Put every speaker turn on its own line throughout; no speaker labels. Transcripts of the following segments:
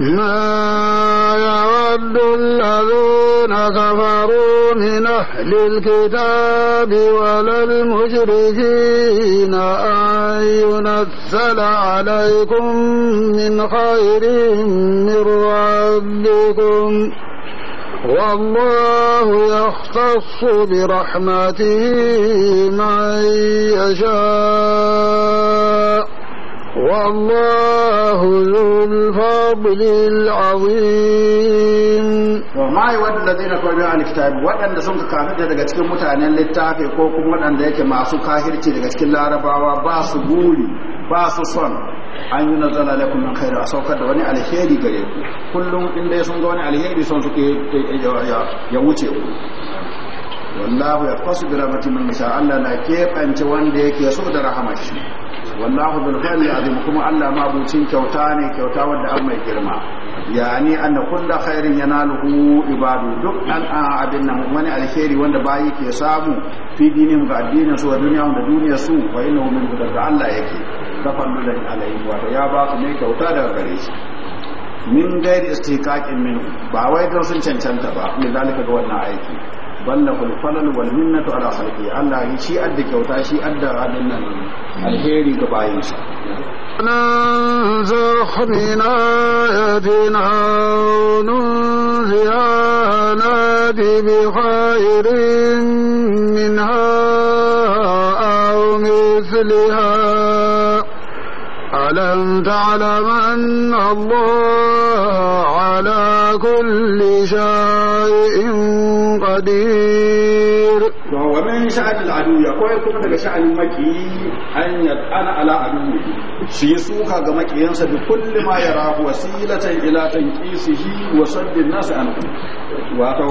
ما يود الذين كفروا من أهل الكتاب ولا المشركين أن ينزل عليكم من خير من ربكم والله يختص برحمته من يشاء والله ذو
الفضل العظيم وما يود الذين كفروا عن الكتاب وأن سنك كافر daga cikin mutanen littafi ko kuma waɗanda yake masu kahirci daga cikin larabawa ba su guri ba su son an yi nazala lakum min khairu a saukar da wani alheri gare ku kullum inda sun ga wani alheri son suke ya wuce ku wallahu ya kwasu bi rahmatin min Allah na keɓance wanda yake so da rahmar wallahu bil khairi azim kuma Allah ma bucin kyauta ne kyauta wanda an mai girma yani anna kullu khairin yanaluhu ibadu duk an abin nan wani alheri wanda bayi ke samu fi dinin ga addinin su wa duniya da duniya su wa inna min daga Allah yake tafallulan alayhi wa ya ba ku ne kyauta daga gare shi min gairi istiqaqin min ba wai don sun cancanta ba min dalika ga wannan aiki ballahu al-falal wal minnatu ala khalqi Allah ya shi adda kyauta shi adda abin nan alheri ga bayin sa
ننزل من آياتنا وننزيها bi khairin minha aw mithliha ألم تعلم أن
الله على كل شيء قدير ومن شأن العدو يقول كما daga sha'anin maki an yad'ana ala aduwi shi suka ga makiyansa da kulli ma yara wasilatan ila tanqisihi wa saddin nas an wato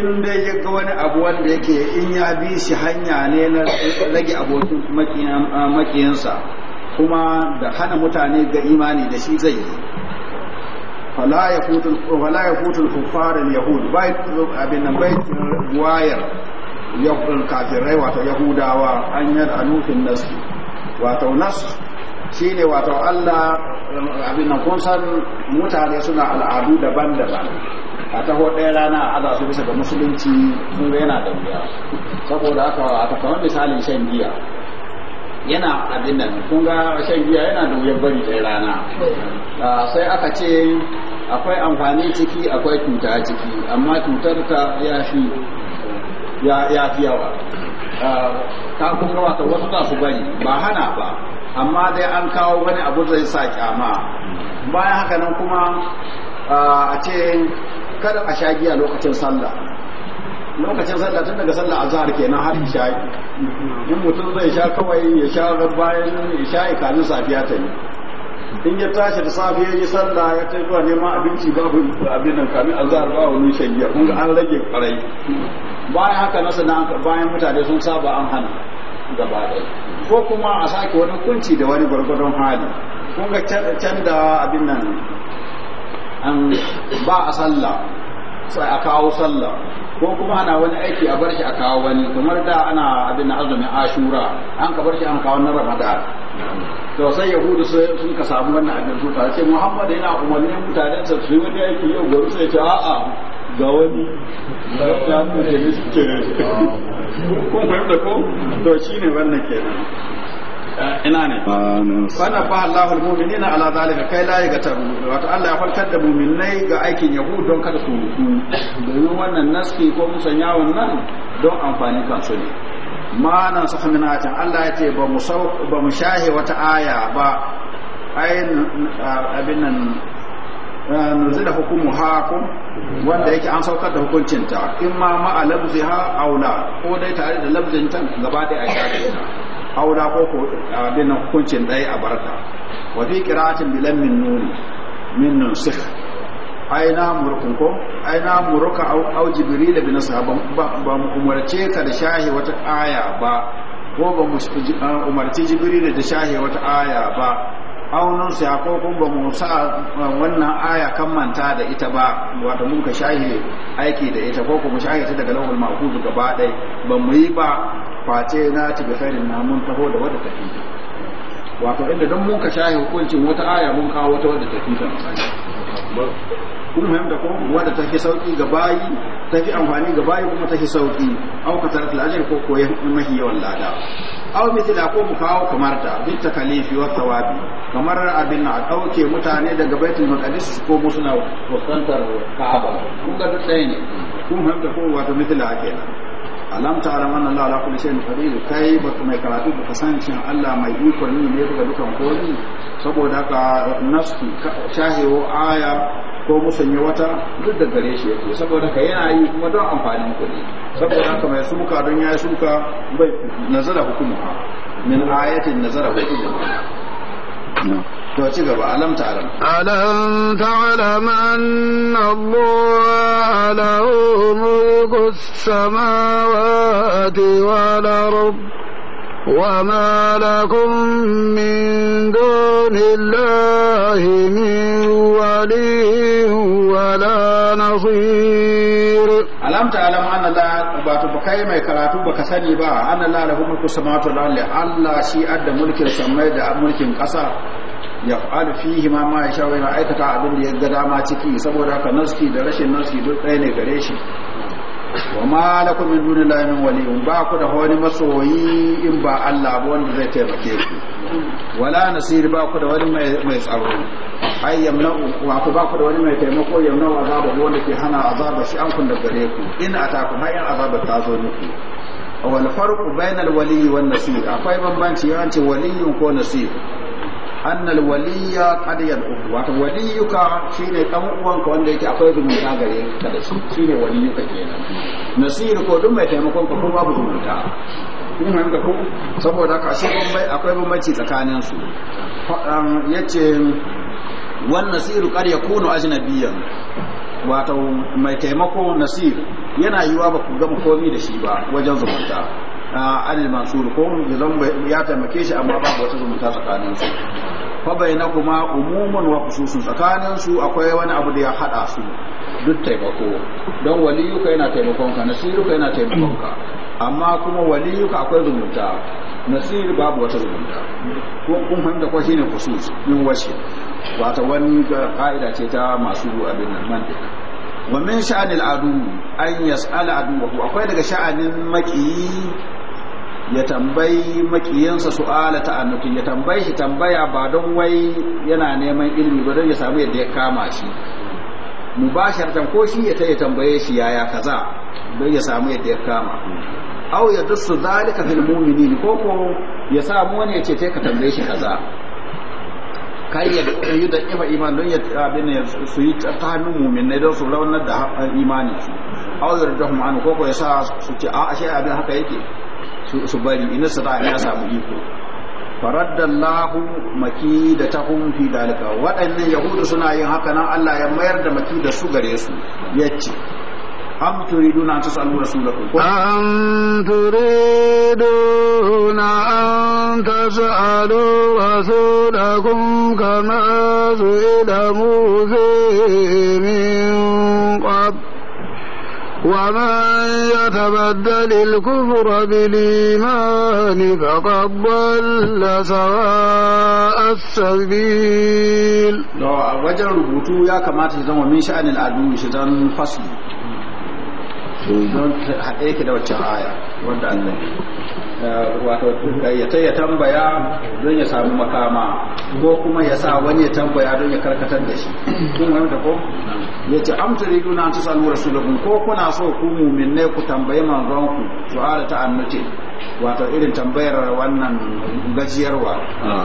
in dai yaga wani abu wanda yake in ya bi shi hanya ne na rage abokin makiyansa kuma da hana mutane ga imani da shi zai yi fala ya futul kufarin yahud bai abin nan bai wayar yahudun kafirai wato yahudawa an yi nufin nasu wato nasu shi ne wato allah abin nan kun san mutane suna al'adu daban-daban a taho ɗaya rana a su bisa ga musulunci kuma yana da wuya saboda aka kama misalin shan giya yana abin nan kun ga shan giya yana da wuyan bari da rana ah, sai aka ce akwai amfani ciki akwai cuta ciki amma cutar ka ya fi ya fi yawa ta ah, kun ga wata wasu za su bari ba hana ba amma dai an kawo wani abu zai sa kyama bayan haka nan kuma ah, a ce kada a sha giya lokacin sallah lokacin sallah tun daga sallah azhar kenan har isha in mutum zai sha kawai ya sha bayan isha'i kamin safiya ta yi in ya tashi da safiya ya sallah ya ta zuwa neman abinci babu abin nan kamin azhar ba wani shayya kun an rage kwarai bayan haka na sana bayan mutane sun saba an hana gaba ko kuma a sake wani kunci da wani gwargwadon hali kun ga canda abin nan an ba a sallah sai a kawo sallah ko kuma ana wani aiki a bar a kawo wani kamar da ana abin azumin ashura an ka bar an kawo na ramadan to sai yahudu sun ka samu wannan abin su ta ce muhammad yana umarnin mutanen sa su yi wani aiki yau gobe sai ce a ga wani ya da ko to shine wannan kenan ina ne wannan fa Allahu al-mu'minina ala zalika kai la yaga tabu wato Allah ya farkar da mu'minai ga aikin yahud don kada su mutu domin wannan naski ko musanyawan nan don amfani kan su ne ma nan saka min ayatin Allah ya ce ba mu ba mu shahe wata aya ba ayin abin nan nuzila hukumu hakum wanda yake an saukar da hukuncin ta in ma ma'a labziha aula ko dai tare da labzin labzinta gaba ɗaya a shafe haula ko ko abin hukuncin dai a barka wa fi qira'atin bilan min nun min nusikh aina murukun ko aina muruka au au jibril bin sahaban ba mu umarce ka da shahi wata aya ba ko ba mu uh, umarce jibril da shahi wata aya ba aunin sai ko kun ba mu sa uh, wannan aya kan manta da ita ba wato mun ka shahi aiki da ita ko kuma shahi ta daga lawul mahfuz gaba dai ba mu yi ba face na ci bi khairin na mun taho da wata tafi wato inda don mun ka shahi hukuncin wata aya mun kawo wata wadda tafi ta kun fahimta ko wadda tafi sauki ga bayi fi amfani ga bayi kuma tafi sauki au ka tarat lajin ko ko mahi yawan lada au mithla ko mu kawo kamar ta bit takalifi wa thawabi kamar abin na dauke mutane daga baitul maqdis ko mu suna fuskantar ka'aba kun ga duk ɗaya ne kun fahimta ko wato ake kenan alam ta ara anna Allah ala kulli shay'in qadir kai ba kuma karatu ba kasancin Allah mai iko ne ne ga dukan komi saboda ka nafsu shahewo aya ko musanya wata duk da gare shi yake saboda ka yana yi kuma don amfanin kuɗi saboda ka mai suka don ya suka bai nazara hukuma min ayatin nazara hukuma to ci gaba alam ta'lam alam ta'lam anna Allah lahu mulku
samawati wal ard وما لكم من دون الله من
ولي ولا نصير alam ta'lam anna la wato kai mai karatu baka sani ba anna la lahu mulku samawati wal ardi Allah shi adda mulkin samai da mulkin kasa ya fa'alu fihi ma ma yasha yana aikata abin da ya ga dama ciki saboda haka naski da rashin naski duk ɗaya ne gare shi wa ma lakum min dunillahi llahi min waliyun ba ku da wani masoyi in ba Allah ba wanda zai taimake
ku
wala nasir ba ku da wani mai tsaro ai yamna'u wa ku ba ku da wani mai taimako yamna'u azaba wanda ke hana azaba shi an kun da gare ku in ataku har in azaba ta zo muku wal farqu bainal wali wan nasir akwai bambanci yawanci waliyun ko nasir annal waliya qad yad'u wato waliyuka shine dan uwanka wanda yake akwai zumunta gare ka da shi shine waliyuka kenan nasiru ko duk mai taimakon ka ko babu zumunta kun fahimta ko saboda ka shi akwai bambanci tsakanin su yace wan nasiru qad yakunu ajnabiyan wato mai taimako nasir yana yiwa ba ku gama komi da shi ba wajen zumunta ah, anil mansur ko zan ya taimake shi amma babu wata zumunta tsakanin su fa kuma umumun wa khususun tsakanin su akwai wani abu da ya hada su duk taimako don waliyuka yana taimakon ka nasiruka yana taimakon ka amma kuma waliyuka akwai zumunta nasiru babu wata zumunta kun fahimta ko shine khusus min washi wata wani ka'ida ce ta masu abin nan mantika wa min sha'anil adu an yas'ala adu akwai daga sha'anin makiyi ya tambayi makiyansa su'ala ta'annutin ya tambayi shi tambaya ba don wai yana neman ilimi ba don ya samu yadda ya kama shi mubasharatan ko shi ya ta yi tambaye shi yaya kaza don ya samu yadda ya kama au ya dusu zalika fil mu'minin ko ko ya samu wani ya ce ta ka tambaye shi kaza kai ya yi da ifa iman don ya abin ne su yi ta hannun mu'minai don su raunar da imani su aw ya rajahum an ko ko ya sa su ce a ashe abin haka yake su bari ina su ya samu iko faraddallahu maki da tahun fi dalika waɗannan yahudu suna yin haka nan Allah ya mayar da maki da su gare su yace أم تريدون أن تسألوا رسولكم أم تريدون أن
تسألوا رسولكم كما سئل muzi min qab ومن يتبدل الكفر بالإيمان فقد ضل سواء
السبيل wajen rubutu ya kamata shi zama min sha'anin al'adu shi zan fasli hmm. don haɗe ki wacce wanda wato ya ta ya tambaya don ya samu makama ko kuma ya sa wani ya tambaya don ya karkatar da shi kun wani da ko ya ce amtari duna ta salu rasulukun ko kuna so ku mumin ne ku tambayi manzon ku ala ta annace wato irin tambayar wannan gajiyarwa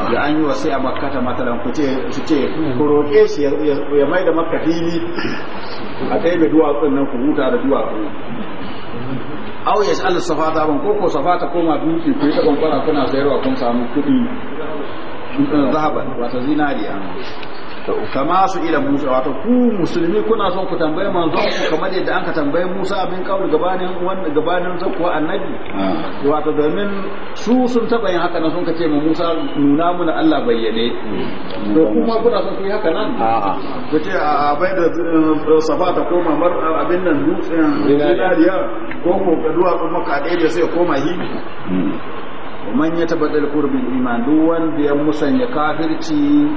da an yi wasu a makata matalan ku ce su ce ku roƙe shi ya mai da makka fili a kai da duwatsun nan ku huta da duwatsu aw ya Allah safa ta ban koko safa ta koma duki ko ta ban kuna sayarwa kun samu kuɗi eh, zahaba wata zinariya kama su ila Musa wato ku musulmi kuna son ku tambaye manzon ku kamar yadda an ka tambaye Musa abin kawul gabanin wanda gabanin zakuwa annabi ah. wato domin su sun taba yin haka nan sun kace mu Musa nuna mu na Allah bayyane hmm. to kuma
kuna son ku yi haka nan
ku ce a bai da eh, safa ta koma mar abin nan dutsen dinariya ko ko kaduwa ko ɗaya da sai koma hi hmm. man ya tabbatar da kurbin iman duk wanda ya musanya kafirci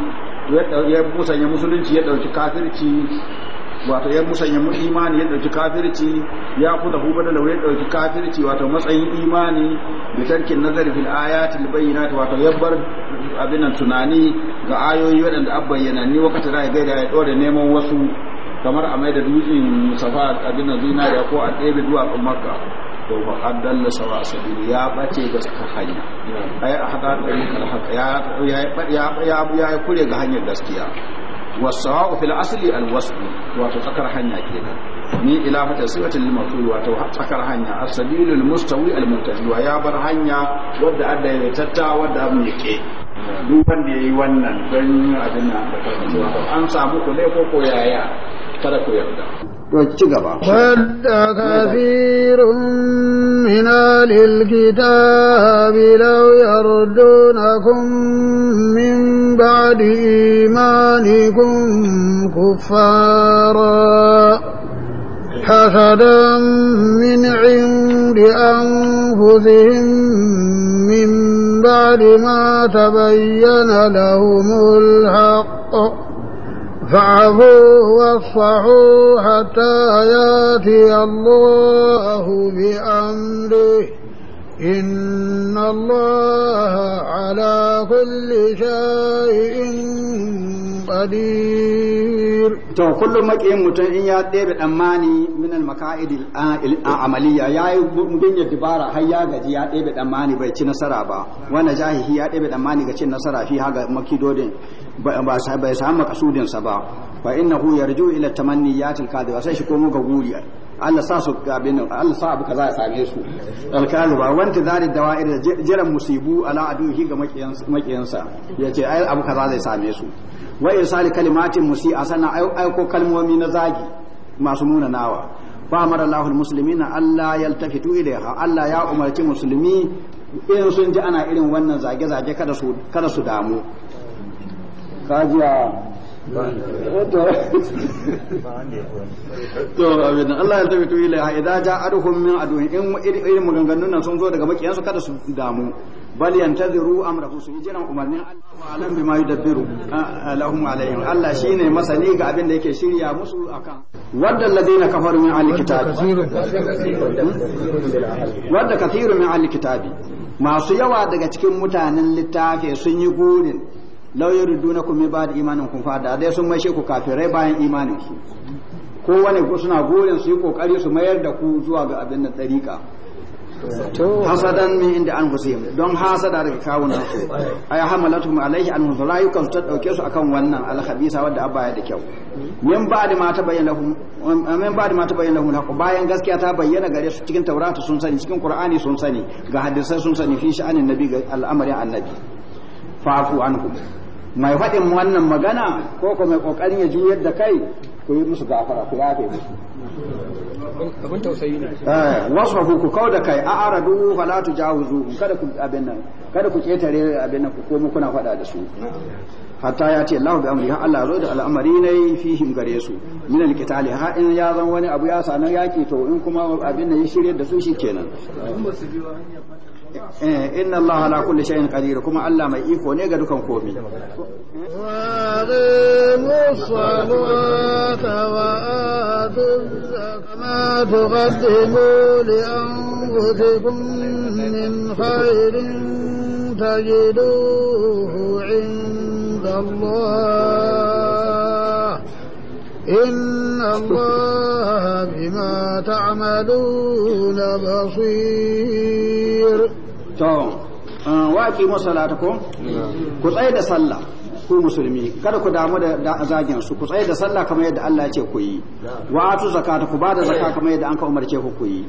ya musanya musulunci ya dauki kafirci wato ya musanya mu imani ya dauki kafirci ya kuda hu badala ya dauki kafirci wato matsayin imani da tarkin nazari fil ayatil bayyinat wato ya bar abin nan tunani ga ayoyi wadanda bayyana ni wakati rai gaida ya dore neman wasu kamar a mai da dutsen safa abin nan zinariya ko a ɗebe duwatsun makka to ba haddalla sawa sabili ya ɓace ga saka hanya ai a hada da mun haka ya ya ya ya kure ga hanyar gaskiya wasawa'u fil asli al wasl wato tsakar hanya kenan ni ila fata sifatil maful wato tsakar hanya asabilul mustawi al wa ya bar hanya wadda adda ya tatta wadda abu yake duk wanda yi wannan don abin nan an samu ku ne ko ko yaya kada ku yarda
ود كثير من أهل الكتاب لو يردونكم من بعد إيمانكم كفارا حسدا من عند أنفسهم من بعد ما تبين لهم الحق فعفوه واصفحوا حتى ياتي الله بأمره إن الله
على كل شيء قدير to kullum makiyin mutum in ya ɗebe ɗammani min al-maka'id al-amaliya yayi bin ya har ya gaji ya ɗebe ɗammani bai ci nasara ba wannan jahihi ya ɗebe ɗammani ga cin nasara fi haga makidodin ba bai samu makasudin sa ba fa innahu yarju ila tamanniyati al-kadhiba sai shi komo ga guri Allah sa su abin Allah sa abu kaza ya same su alkalu ba wanta dawa irin jiran musibu ala aduhi ga makiyansa yace ai abu kaza zai same su wa irsali kalimatin musi asana aiko kalmomi na zagi masu nuna nawa ba mara Allahul muslimina Allah yaltafitu ilaiha Allah ya umarci musulmi in sun ji ana irin wannan zage-zage kada su kada su damu
kajiya to
abin Allah ya tafi tuyi la idza ja'aduhum min adu in irin maganganun nan sun zo daga makiyansu kada su damu bal yantaziru amrahu su jiran umarnin Allah alam bima yudabbiru lahum alaihim Allah shine masani ga abin da yake shirya musu akan wadda alladhina kafaru min alkitabi wadda kathiru min alkitabi masu yawa daga cikin mutanen littafi sun yi gurin law kuma ba da imanin kun da dai sun mai ku kafirai bayan imanin su kowane suna gorin su yi kokari su mayar da ku zuwa ga abin da tsarika hasadan min inda an husayim don hasada daga kawunan su ay hamalatuhum alaihi an zulayu kan ta dauke su akan wannan wanda abba ya da kyau min ba'di ma ta bayyana lahum min ba'di ma bayyana lahum haqu bayan gaskiya ta bayyana gare su cikin taurata sun sani cikin qur'ani sun sani ga hadisai sun sani fi sha'anin nabi ga al'amari annabi fa'fu anhum mai faɗin wannan magana ko ko mai ƙoƙarin ya juyar da kai ku yi musu gafara ku yafe musu abin tausayi ne eh wasfahu ku kau da kai a'radu fala tujawizu kada ku abin nan kada ku ketare abin nan ku komo kuna faɗa da su hatta ya ce Allahu bi amri ha Allah zo da al'amari ne fihim gare su min al-qitali ha in ya zan wani abu ya sanar yaki to in kuma abin nan ya shirye da su shikenan Eh, inna Allah kulle shay'in qadir kuma Allah mai iko ne ga dukan komai
كما تقدموا لأنفسكم من خير تجدوه عند الله إن الله بما تعملون بصير
to waki masalatakum ku tsaye da sallah ku musulmi kada ku damu da zagin su ku tsaye da sallah kamar yadda Allah ya ce ku yi wa atu zakata ku bada zakata kamar yadda an ka umarce ku ku yi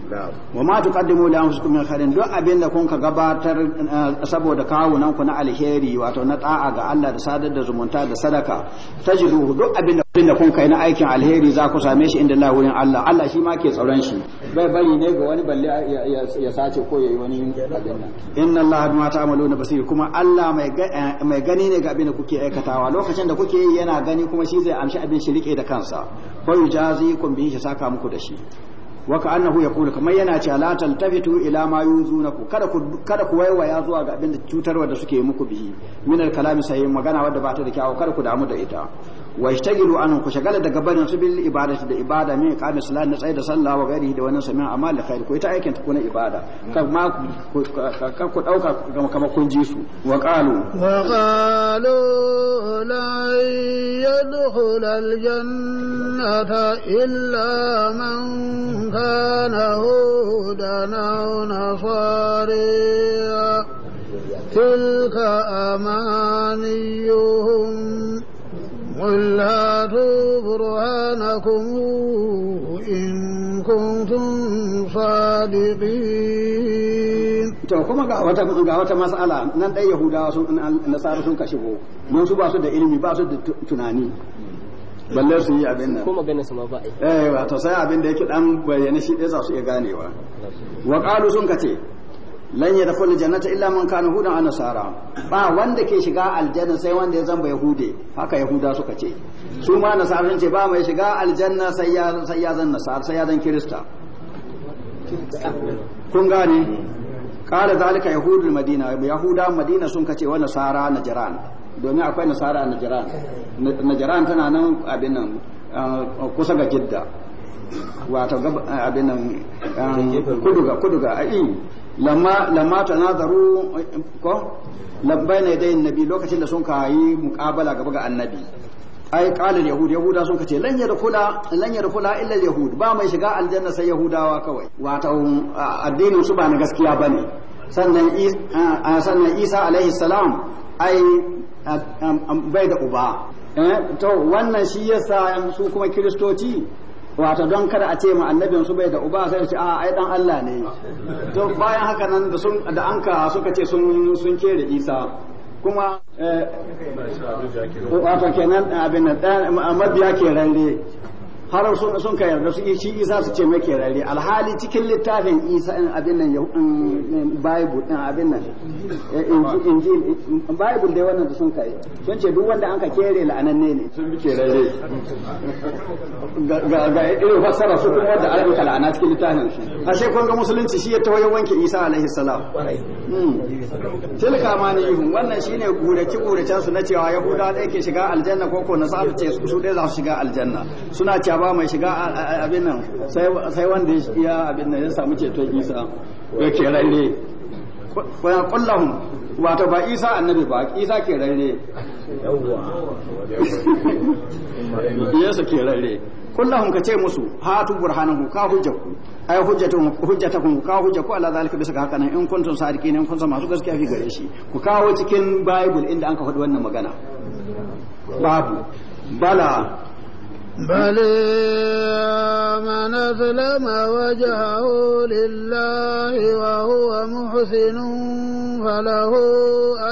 wa ma tuqaddimu li anfusikum min khairin duk abin da kun ka gabatar saboda nan ku na alheri wato na ta'a ga Allah da sadar da zumunta da sadaka tajiduhu duk abin da kun kai na aikin alheri za ku same shi inda Allah wurin Allah Allah shi ma ke tsaron shi bai bari ne ga wani balle ya sace ko yayi wani inna Allah ma ta'maluna basir kuma Allah eh, mai gani ne ga abin da kuke aikatawa lokacin da kuke yi yana gani kuma shi zai amshi abin shi rike da kansa ko yujazikum bi shi saka muku da shi wa annahu yaqulu kamar yana cewa la taltafitu ila ma yuzunaku kada ku kada ku waiwaya zuwa ga abin da cutarwa da suke muku bihi min al-kalami sahih magana wadda ba ta da kyawu kada ku damu da ita wa ishtagilu anhu ku shagala daga barin su bil ibadati da ibada min qami salat na tsaye da sallah wa gari da wannan samin amal da khair ku ita aikin ku na ibada kuma ku ku dauka kamar kun ji su wa qalu
wa qalu la yadkhul al jannata illa man kana hudana nasariya tilka amaniyuhum قل برهانكم إن كنتم صادقين
to kuma ga wata ga wata mas'ala nan dai yahudawa sun nasara sun kashe go mun su ba su da ilimi ba su da tunani balle su yi abin nan kuma ganin su ma ba eh wato sai abin da yake dan bayyana shi dai za su iya ganewa wa qalu sun kace lan dafa jannata illa man kana hudan a nasara ba wanda ke shiga aljanna sai wanda ya zamba yahude haka yahuda suka ce su ma nasara sun ce ba mai shiga aljanna sai ya sai ya zan nasara sai ya zan kirista kun gane qala zalika yahudul madina yahuda madina sun kace wa nasara najran domin akwai nasara jiran najran najran tana nan abin nan uh, kusa ga jidda wato abin nan um, kuduga kuduga a lamma lamma tanazaru ko labbaina yadai annabi lokacin da sun kayi muqabala gaba ga annabi ai qala yahud yahuda sun kace lan yadkhula lan yadkhula illa yahud ba mai shiga aljanna sai yahudawa kawai wato addinin su ba na gaskiya bane sannan isa alaihi salam bai da uba eh, to wannan shi yasa su kuma kiristoci wato don kada a ce ma annabin su bai da uba sai ce a ah, ai dan Allah ne to bayan haka nan da sun da anka suka ce sun sun kere Isa kuma eh, wato kenan abin nan mabiya ke ranne har sun sun ka yarda su shi isa su ce mai kerare alhali cikin littafin isa in eh, abin nan mm, mm, bible din eh, abin nan eh, injil bible dai wannan da sun kai sun ce duk wanda an ka kere la'ananne ne sun bi kerare ga ga irin fassara su kuma da an kala ana cikin littafin shi ashe kun ga musulunci shi ya tawaye wanke isa alaihi salam hmm. tilka manihum wannan shine gurace gurace su na cewa yahudawa da yake shiga aljanna ko ko su ce su dai za su shiga aljanna suna cewa ba mai shiga abin nan sai wanda ya shiga abin nan ya samu ceto isa ya ke ralle kuna kullahun wato ba isa annabi ba isa ke ralle yesu ke ralle kullahun ka ce musu hatu burhanahu ka hujjaku ai hujjatun hujjatakum ka hujjaku ala zalika bisa haka nan in kuntum sadiqin in kuntum masu gaskiya fi gare shi ku kawo cikin bible inda an ka faɗi wannan magana babu bala
بل من أسلم وجهه لله وهو محسن فله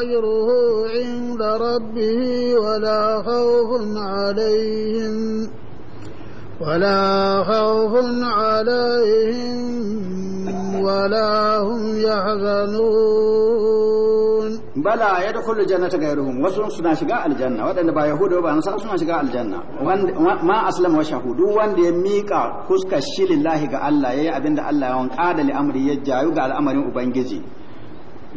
أجره عند ربه ولا خوف عليهم ولا خوف عليهم ولا هم يحزنون
بلا يدخل الجنة غيرهم وسن سنا شغا الجنة ودن با يهود وبا نصارى سنا شغا الجنة ما اسلم وشهود وند يميقا فسكا شي لله ga Allah yayi abinda Allah ya wanka da al'amari ya jayu ga al'amarin ubangiji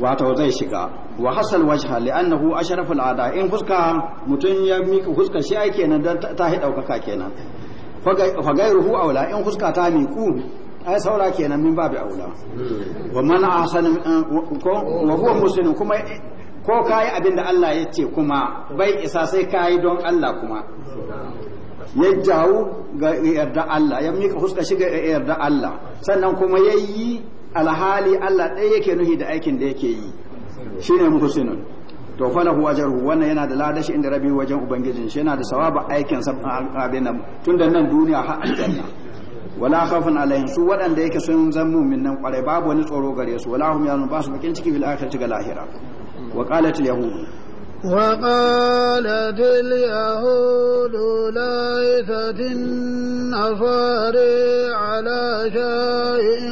wato zai shiga wa hasal wajha li'annahu asharaful ada in fuska mutun ya mika fuska shi ai kenan ta hi daukaka kenan fa gairuhu aula in fuska ta miku ai saura kenan min babu aula wa man ahsana wa huwa muslim kuma ko kai abin da Allah ya ce kuma bai isa sai kai don Allah kuma ya jawo ga yarda Allah ya mika fuska shi yarda Allah sannan kuma yayi alhali Allah ɗaya yake nuhi da aikin da yake yi shine muhsinun to falahu ajruhu wannan yana da ladashi inda rabi wajen ubangijin shi yana da sawaba aikin sa abin nan tunda nan duniya har aljanna wala khafun alaihim su waɗanda yake sun zan mu'min nan kwarai babu wani tsoro gare su wala hum yanun ba su bakin ciki fil akhirati ga lahira wa qalat al yahud
وقالت اليهود ليست النصارى على شيء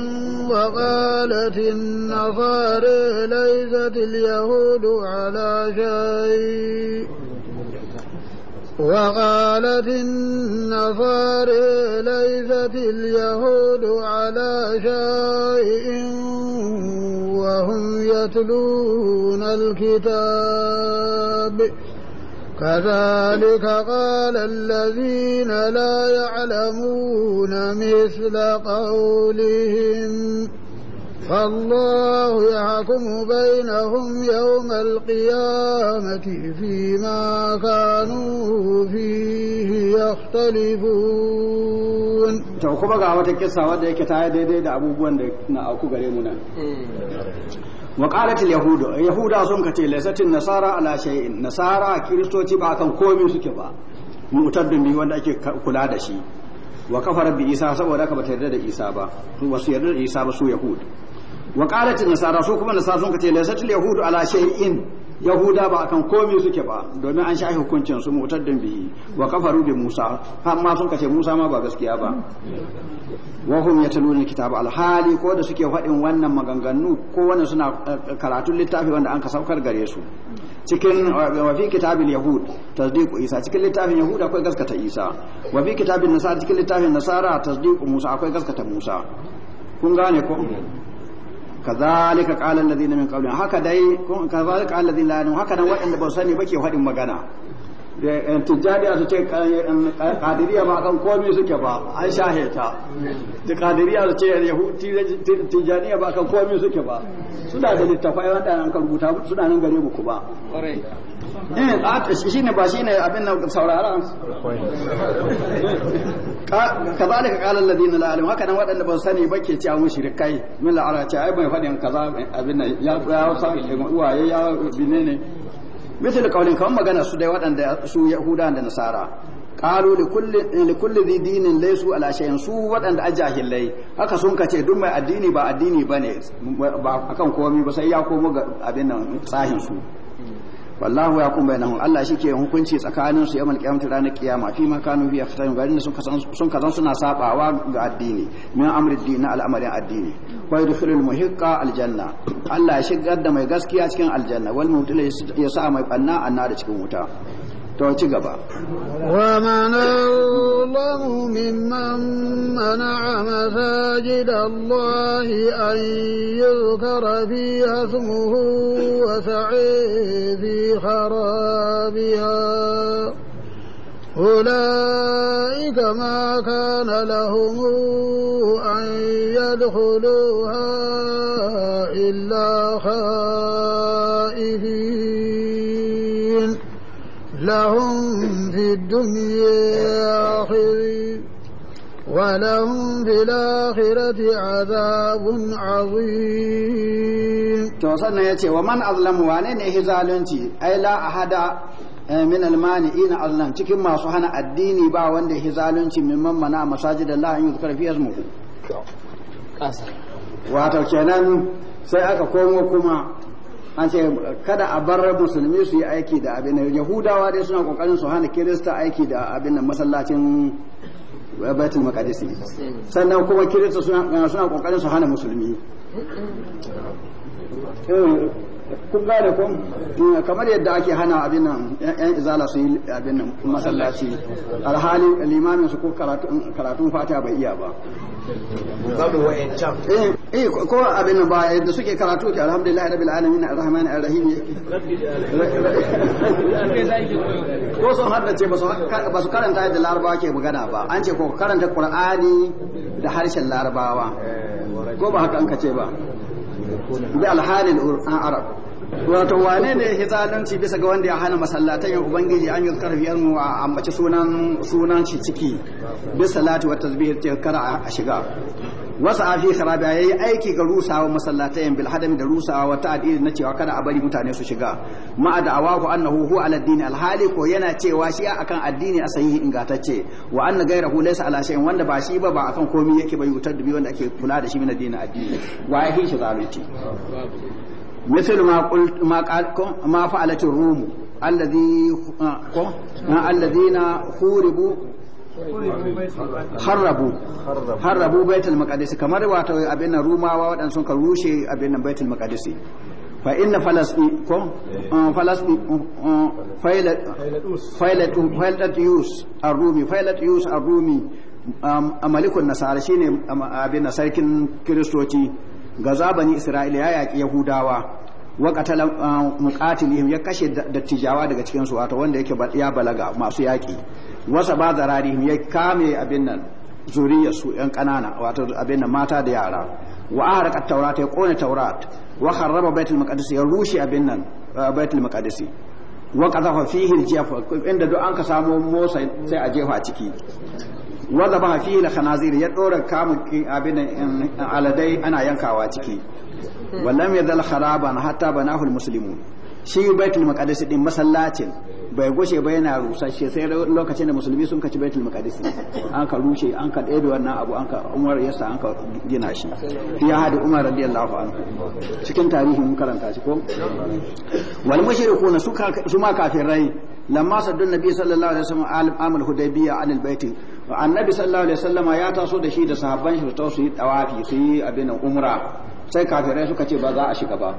وقالت النصارى ليست اليهود على شيء وقالت النصارى ليست اليهود على شيء يتلون الكتاب كذلك قال الذين لا يعلمون مثل قولهم فالله يحكم بينهم يوم
القيامة فيما كانوا فيه يختلفون to kuma ga wata kissa wadda yake ta daidai da abubuwan da na auku gare mu nan wa qalat al yahuda yahuda sun kace laysatin nasara ala shay'in nasara kiristoci ba kan komai suke ba mutaddin ne wanda ake kula da shi wa kafara bi isa saboda haka bata yarda da isa ba su ba yarda da isa ba su yahud wa qalat nasara su kuma nasara sun kace laysatil yahudu ala shay'in yahuda ba akan komi suke ba domin an sha hukuncin su da bihi wa kafaru bi musa har ma sun kace musa ma ba gaskiya ba wa hum yatluna al alhali ko da suke fadin wannan maganganu ko wanda suna eh, karatun littafi wanda an ka saukar gare su cikin eh, wa fi al yahud tasdiq isa cikin littafin yahud akwai gaskata isa wa fi kitabin nasara cikin littafin nasara tasdiq musa akwai gaskata musa kun gane ko kazalika qala alladhina min qablihim haka dai kun kazalika alladhina la haka nan waɗanda ba sani ba ke magana tijjaniya su ce kadiriya ba kan komi suke ba an shahe ta da kadiriya su ce tijjaniya ba kan komi suke ba suna da littafai wanda an ka suna nan gare muku ba eh shi ne ba shi ne abin nan saurara kazalika qala alladhina la alamu haka nan wadanda ban sani ba ke cewa mushrikai min la ara ce ai bai fadin kaza abin nan ya ya sa uwaye ya binene مثل قولهم كما magana su dai waɗanda su yahudan da nasara qalu li kulli dhi dinin laysu ala shay'in su waɗanda ajahilai haka sun kace duk mai addini ba addini bane ba akan komai ba sai ya komo ga abin nan tsahin su wallahu ya kuma bainahum Allah shike hukunci tsakanin su yamal qiyamati ranar kiyama fi ma kanu fitar yaftan garin sun kasan sun kasan suna sabawa ga addini min amri din na al'amarin addini wa yadkhulul muhiqqa aljanna Allah ya shigar da mai gaskiya cikin aljanna wal mutila ya sa mai banna annar cikin wuta توجه قبا
وما نظلم ممن منع مساجد الله أن يذكر فيها اسمه وسعي في خرابها أولئك ما كان لهم أن يدخلوها إلا خائفا لهم في الدنيا آخر ولهم في الآخرة عذاب عظيم
توصلنا يتي ومن أظلم وانين هزالنتي أي لا أحد cikin masu hana addini ba wanda ya zalunci mimman mana masajid Allah an yuzkar fi ismu wato kenan sai aka komo an ce kada a bar musulmi su yi aiki da abin yahudawa dai suna kokarin su hana kirista aiki da abin nan masallacin baitul maqdis sannan kuma kirista suna suna kokarin su hana musulmi eh, kun gane kun eh, kamar yadda ake hana abin nan yan izala su yi abin nan masallaci
alhali
limamin su ko karatun fata bai iya ba
babu wa'ancan eh,
eh ko abin ba da suke karatu ke alhamdulillah rabbil alamin arrahman arrahim ko sun haddace ba su karanta yadda larabawa ke magana ba an ce ko karanta qur'ani da harshen larabawa ko ba haka an kace ba bi alhalin arab wato wane ne hizalunci bisa ga wanda ya hana masallatan ubangiji an yi karfiyar mu a ambaci sunan sunan shi ciki bi salati wa tasbih ta kara a shiga wasu afi kharabi yayi aiki ga rusawa masallatayen bil hadami da rusawa wa ta'dil na cewa kada a bari mutane su shiga ma da awaku annahu huwa ala dini al hali ko yana cewa shi akan addini a sahihi ingantacce wa anna gairahu laysa ala shay'in wanda ba shi ba ba akan komai yake bai wutar dubi wanda ake kula da shi min addini addini wa yahi shi zalunci مثل ما قلت ما ما فعلت الروم الذي الذين خوربوا harrabu harrabu baitul maqdis kamar wato abin nan rumawa waɗansu ka rushe abin nan baitul maqdis fa inna falastin ko eh. eh, falastin eh, failat failat yus arumi rumi failat yus arumi rumi malikun nasara shine abin nan sarkin kristoci gazabani isra'ila ya yaki yahudawa wa qatala muqatilihim ya kashe dattijawa daga cikin su wato wanda yake ya balaga masu yaki wasa ba zararihim ya kame abin nan zuriya su yan kanana wato abin nan mata da yara wa aharaka taurat ya kone taurat wa kharraba baitul maqdis ya rushe abin nan eh, baitul maqdis wa qadhafa fihi al inda duk an ka samu motsa sai a jefa ciki wa zabaha fihi ya dora kamu abin nan aladai ana yankawa ciki wallam yadhal kharaban hatta banahu al-muslimun shi baitul maqdis din masallacin bai goshe ba yana rusashe sai lokacin da musulmi sun kaci baitul maqdis an ka rushe an ka ɗebe wannan abu an ka umar yasa an ka gina shi ya hadi umar radiyallahu anhu cikin tarihi mun karanta shi ko
wal mushrikuna
su su ma kafirai lamma saddu nabi sallallahu alaihi wasallam amal hudaybiya anil baiti annabi sallallahu alaihi wasallam ya taso da shi da sahabban shi su yi tawafi su yi abin umra sai kafirai suka ce ba za a shiga ba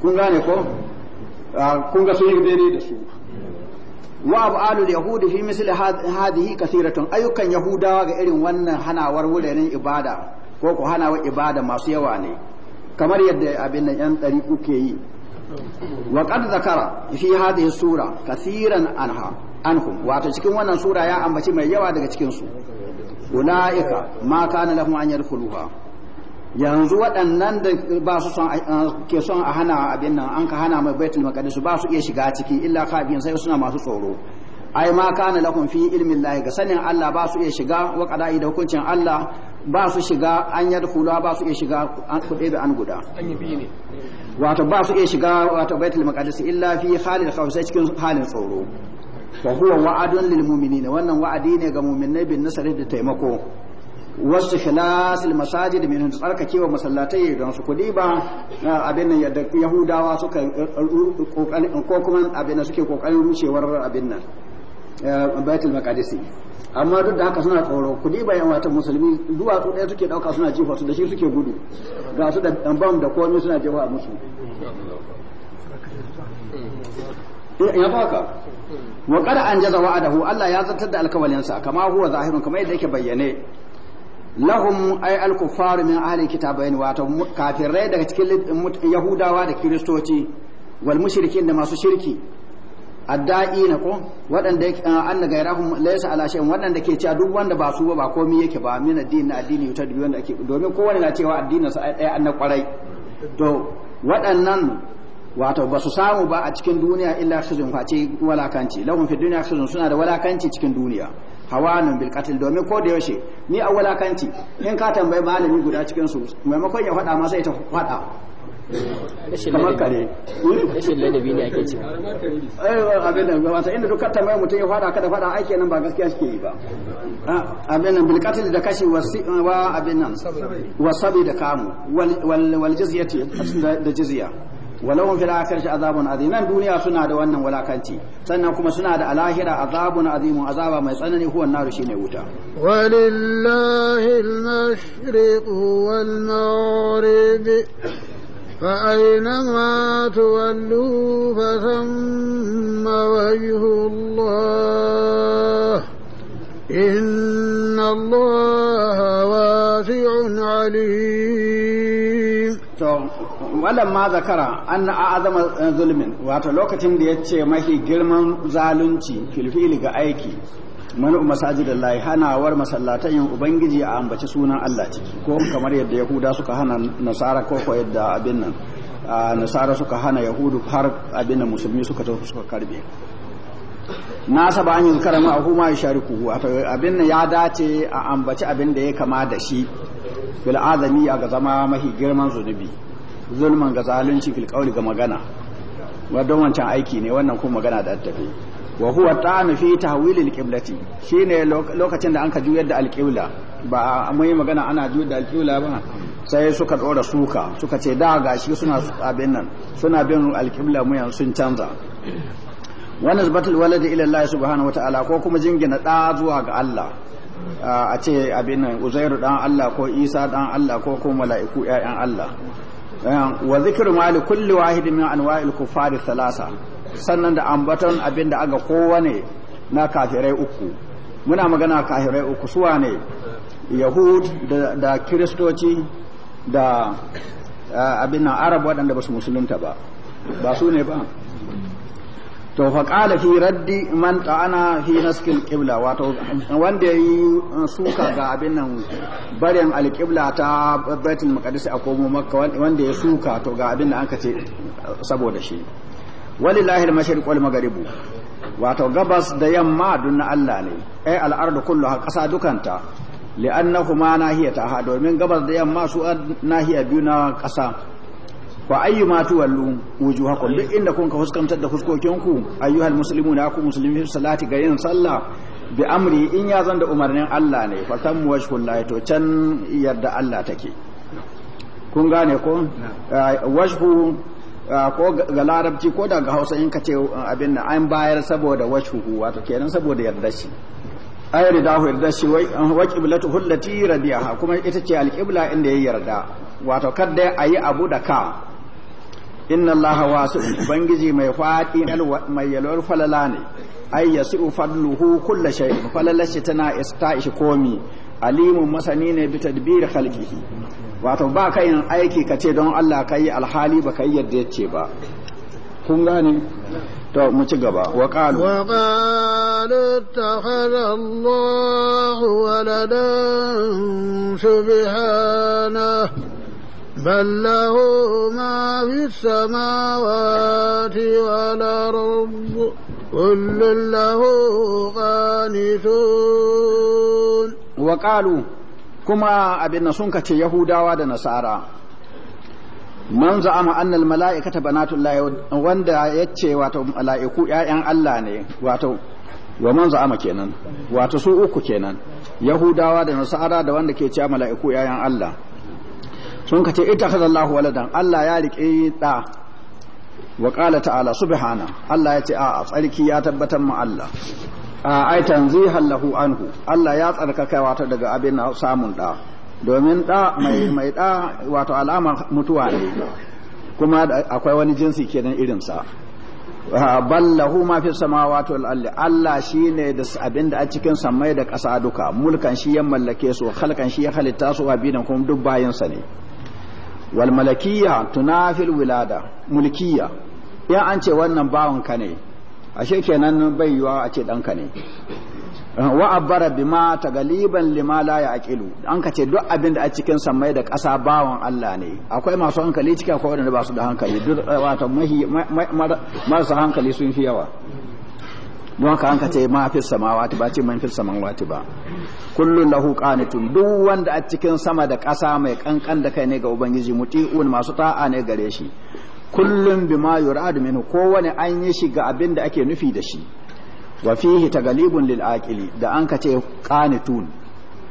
kun gane ko ah, kun ga sun yi daidai da su wa abu alul yahudi fi misli hadhihi kasiratun ayyukan yahudawa ga irin wannan hanawar wuraren ibada ko ko hanawar ibada masu yawa ne kamar yadda abin nan yan dari kuke yi wa qad zakara fi hadhihi sura kathiran anha anhum wato cikin wannan sura ya ambaci mai yawa daga cikin su ulaika ma kana lahum an yadkhuluha yanzu waɗannan da ba su son ke son a hana abin nan an ka hana mai baitul maqdis ba su iya shiga ciki illa kafin sai suna masu tsoro ai ma kana lakum fi ilmin llahi ga sanin Allah ba su iya shiga wa qada'i da hukuncin Allah ba su shiga an yadkhula ba su iya shiga an kuɗe da an guda wato ba su iya shiga wato baitul maqdis illa fi halil khawf sai cikin halin tsoro fa huwa wa'adun lil mu'minin wannan wa'adi ne ga mu'minai bin nasari da taimako wasu shilasil masajid min tsarkakewa masallatai don su kudi ba eh, abin nan yadda yahudawa suka eh, ko kuma abin nan suke kokarin rushewar abin nan eh, baitul maqdis amma duk da haka suna tsoro kudi ba yan wata musulmi duwatsu ɗaya suke ɗauka suna jifa su da shi suke gudu ga su da bam da komai suna a musu ya baka wa qad anjaza wa'adahu Allah ya zartar da alkawalinsa kama huwa zahirun kama yadda yake bayyane lahum ay al kuffar min ahli kitabain wato kafirai daga cikin yahudawa da kiristoci wal mushrikin da masu shirki adda'ina ko waɗanda ah, anna gairahum laysa ala shay'in waɗanda ke cewa duk wanda ba su ba komai yake ba min addini na addini yuta da wanda ake domin kowanne na cewa addinin sa ai an kwarai to waɗannan wato ba su samu ba a cikin duniya illa khizyun face walakanci lahum fi dunya khizyun suna da walakanci cikin duniya hawanun bilkatil domin ko da yaushe ni a walakanci in ka tambayi malami guda cikin su maimakon ya faɗa ma sai ta faɗa kamar kare rashin da ba gaskiya suke yi ba ah, abin nan da kashi da kamu wal da ولهم في الآخرة عذاب عظيم دنيا سنة وأنهم ولا كنتي سنكم سنة الآخرة عذاب عظيم عذاب ما يسألني هو النار شين يوتا
ولله المشرق والمغرب فأينما تولوا فثم وجه الله
إن الله واسع عليم to wannan ma zakara an azama zulmin wato lokacin da yace mahi girman zalunci filfili ga aiki da masajidallahi hanawar masallatan yin ubangiji a ambaci sunan Allah ciki ko kamar yadda yahuda suka hana nasara ko ko yadda abin nan nasara suka hana yahudu har abin nan musulmi suka tafi suka karbe na saba an yi zikara ma huma ya shariku kuhu, abin nan ya dace a ambaci abin da ya kama da shi fil azami ga zama mahi girman zunubi zulman ga zalunci fil qawli ga magana wadon wancan aiki ne wannan kuma magana da tafi wa huwa ta'anu fi tahwilil qiblati shine lokacin da anka juyar da alqibla ba mai magana ana juyar da alqibla ba sai suka dora suka suka ce da gashi suna abin nan suna bin alqibla mu yan sun canza wannan nisbatul waladi ila Allah subhanahu wa ta'ala ko kuma jingina da zuwa ga Allah a ce abin nan uzairu dan Allah ko isa dan Allah ko ko mala'iku ƴaƴan Allah wa zikru mali kulli wahid min anwa'il kuffari thalatha sannan da ambaton abin da aga kowane na kafirai uku muna magana kafirai uku suwa ne yahud da, da kiristoci da abin nan arab waɗanda ba su musulunta ba ba su ne ba to fa qala fi raddi man ta'ana fi naskil qibla wato wanda yayi uh, suka ga abin nan bariyan alqibla ta baitul maqdis a komo makka wanda ya suka to ga abin da anka ce uh, saboda shi walillahi al-mashriq wal maghrib wato gabas da yamma dun Allah ne ai al-ardu kulluha qasa dukanta li'annahuma nahiyata domin gabas da yamma su uh, nahiya biyu na qasa fa ayyu ma tuwallu wujuhakum duk inda kun ka fuskantar da fuskokinku ayyuhal muslimuna ku muslimin salati ga yin sallah bi amri in ya zan da umarnin Allah ne fa tammu wajhullahi to can yarda Allah take kun gane ko wajhu ko ga larabci ko da ga Hausa in ka ce abin nan an bayar saboda wajhu wato kenan saboda yarda shi ay ridahu yarda shi wa qiblatu hullati radiyaha kuma ita ce alqibla inda ya yarda wato kada ayi abu da ka inna allaha wasu ubangiji mai faɗi mai yalwar falala ne ai yasi'u fadluhu kulla falala shi tana ista shi komi alimun masani ne bi tadbir khalqihi wato ba ka yin aiki kace ce don Allah ka alhali ba ka yadda ya ba kun gane to mu ci gaba wa qalu wa qalu takhara Allah
waladan subhanahu بل له ما في السماوات والأرض
كل له قانتون وقالوا كما أبن سنكة يهودا ونصارى man za'ama annal mala'ikata banatullahi wanda yace wato mala'iku ƴaƴan Allah ne wato wa man za'ama kenan wato su uku kenan yahudawa da nasara da wanda ke cewa mala'iku ya'yan Allah sun ka ce ita kaza Allah waladan Allah ya riƙe ɗa wa ƙala ta'ala subhana Allah ya ce a tsarki ya tabbatar ma Allah a ai tanzihan lahu anhu Allah ya tsarkaka wata daga abin samun ɗa domin ɗa mai mai ɗa wato alama mutuwa ne kuma akwai wani jinsi kenan irinsa bal lahu ma fi samawati wal ardi Allah shine da abin da a cikin samai da ƙasa duka mulkan shi ya mallake su halkan shi ya halitta su abinan kuma duk bayansa ne wal malakiyya tunafil wilada mulkiyya in an ce wannan bawan ka ne ashe kenan bai a ce ɗanka ne wa abbara bima tagaliban lima la yaqilu an ka ce duk abin da a cikin samai da ƙasa bawan Allah ne akwai masu hankali cikin akwai wanda ba su da hankali duk eh, wato marasa hankali sun fi yawa don haka an ka ce ma fi samawati ba ce man fi samawati ba kullun lahu qanitun duk wanda a cikin sama da ƙasa mai kankan da kai ne ga ubangiji muti'un masu ta'a ne gare shi kullum bima yuradu minhu kowane an yi shi ga abin da ake nufi da shi wa fihi tagalibun lil aqili da an ka ce qanitun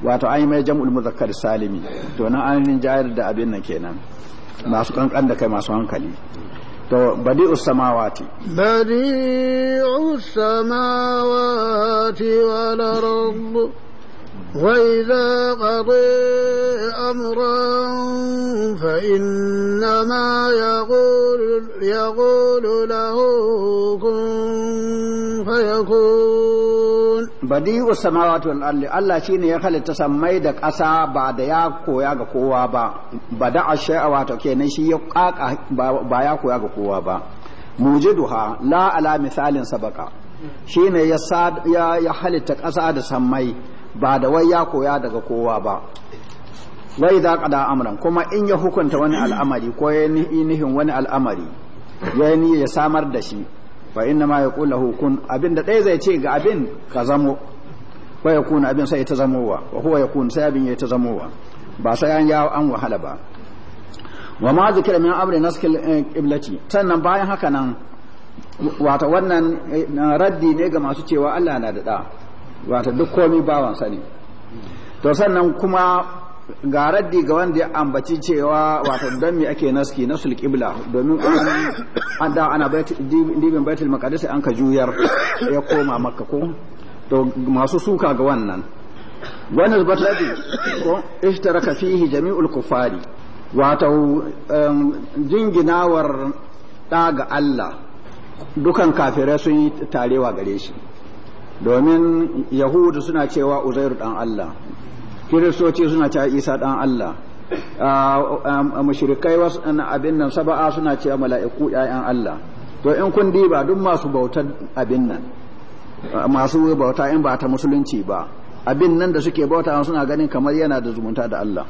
wato an yi mai jam'ul muzakkar salimi to nan an jayar da abin nan kenan masu kankan da kai masu hankali to badi'us samawati
badi'us samawati wal ard وإذا قضي أمرا فإنما يقول, يقول
badi'u samawati wal ardi Allah shine ya halitta sammai da ƙasa ba da ya koya ga kowa ba bada'a shay'a wato kenan shi ya kaka ba ya koya ga kowa ba mujiduha la ala misalin sabaka shine ya ya, ya halitta ƙasa da sammai ba da wai ya koya daga kowa ba wai za da amran kuma in ya hukunta wani al'amari ko ya nihin wani al'amari ya ya samar da shi fa inna ma yaqulu lahu kun abin da ɗaya zai ce ga abin ka zamo fa kun abin sai ta zamowa wa huwa yakun sai abin ya ta zamowa ba sai an yawo an wahala ba wa ma zikira min amri naskil eh, qiblati sannan bayan haka nan wata wannan eh, raddi ne ga masu cewa Allah na da da wata duk komai bawan sani to sannan kuma ga raddi ga wanda ya ambaci cewa wato don me ake naski na sulqibla domin an da ana dibin baitul makadisa an ka juyar ya koma makka ko to masu suka ga wannan wannan batladi ko ishtaraka fihi jami'ul kufari wato um, jinginawar ɗa ga Allah dukan kafirai sun yi tarewa gare shi domin yahudu suna cewa uzairu dan Allah kiristoci suna cewa isa dan Allah ah, ah, ah, mashirikai wasu abin nan saba'a suna cewa mala'iku ƴaƴan Allah to in kun diba duk masu bautar abin nan masu bauta in ba ta musulunci ba abin nan da suke bauta suna ganin kamar yana da zumunta da Allah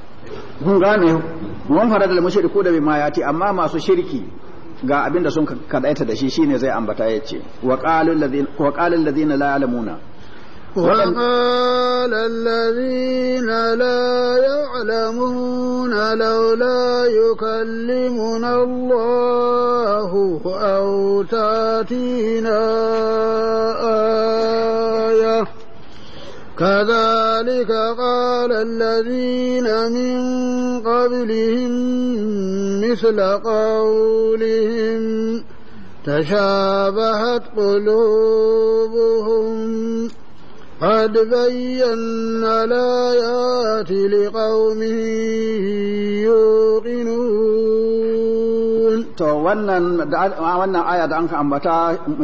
kun gane mun fara da mushriku da bima amma masu shirki ga abin da sun kadaita da shi shine zai ambata yace wa ladina wa ladina la ya'lamuna
وقال الذين لا يعلمون لولا يكلمنا الله أو تاتينا آية كذلك قال الذين من قبلهم مثل قولهم تشابهت قلوبهم قد بينا
الآيات لقوم يوقنون تو wannan wannan aya da an ka سن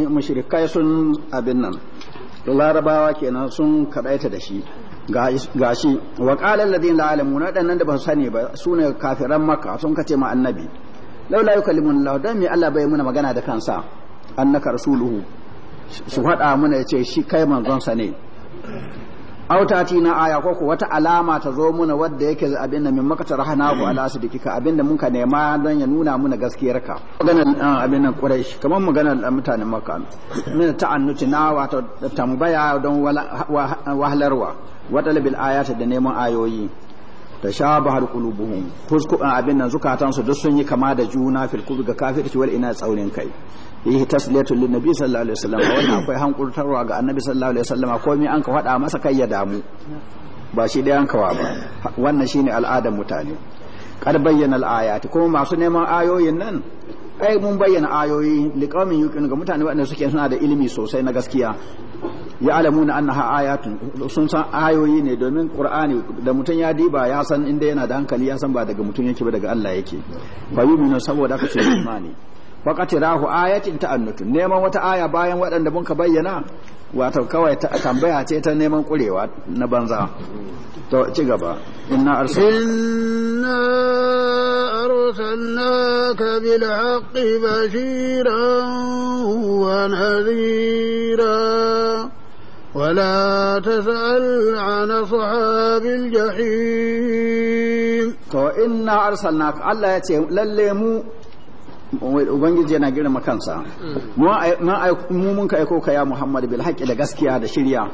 mushrikai الله abin nan larabawa kenan دشي da shi gashi wa qala alladhina la ya'lamuna nan da ba su sani ba sune kafiran makka sun kace ma annabi la yukallimuna Allah dan me Allah bai muna magana da kansa annaka rasuluhu su hada muna yace shi kai manzon sa ne auta na aya ko wata alama ta zo muna wadda yake abin da min makata rahanahu ala sidikika abin da muka nema don ya nuna muna gaskiyar ka magana ah, abin nan quraish kamar da mutanen makka min ta'annuti na wato tambaya don wahlarwa wata labil ayati da neman ayoyi tashabahar qulubuhum fusku ah, abin nan zukatansu duk sun yi kama da juna fil kubi ga kafirci wal ina tsaurin kai Yi tasliyatun lin nabi sallallahu alaihi wasallam wannan akwai hankurtarwa ga annabi sallallahu alaihi wasallam komai an ka fada masa kai ya damu ba shi dai an kawa ba wannan shine al'adar mutane kar bayyana al'ayati kuma masu neman ayoyin nan ai mun bayyana ayoyi liqamin yuqin ga mutane wanda suke suna da ilimi sosai na gaskiya ya alamuna annaha ayatun sun san ayoyi ne domin qur'ani da mutum ya diba ya san inda yana da hankali ya san ba daga mutum yake ba daga Allah yake fa yuminu saboda haka ce imani faqatirahu ayatin ta'annutun neman wata aya bayan waɗanda mun ka bayyana wato kawai tambaya ce ta neman kurewa na banza to ci gaba inna arsalna
arsalnaka bil haqqi bashiran wa nadhira ولا تسأل عن
أصحاب الجحيم تو إنا أرسلناك الله يتيم للمو ubangiji yana girma kansa hmm. mu mun ka aiko ka ya muhammad bil haqqi da gaskiya da shirya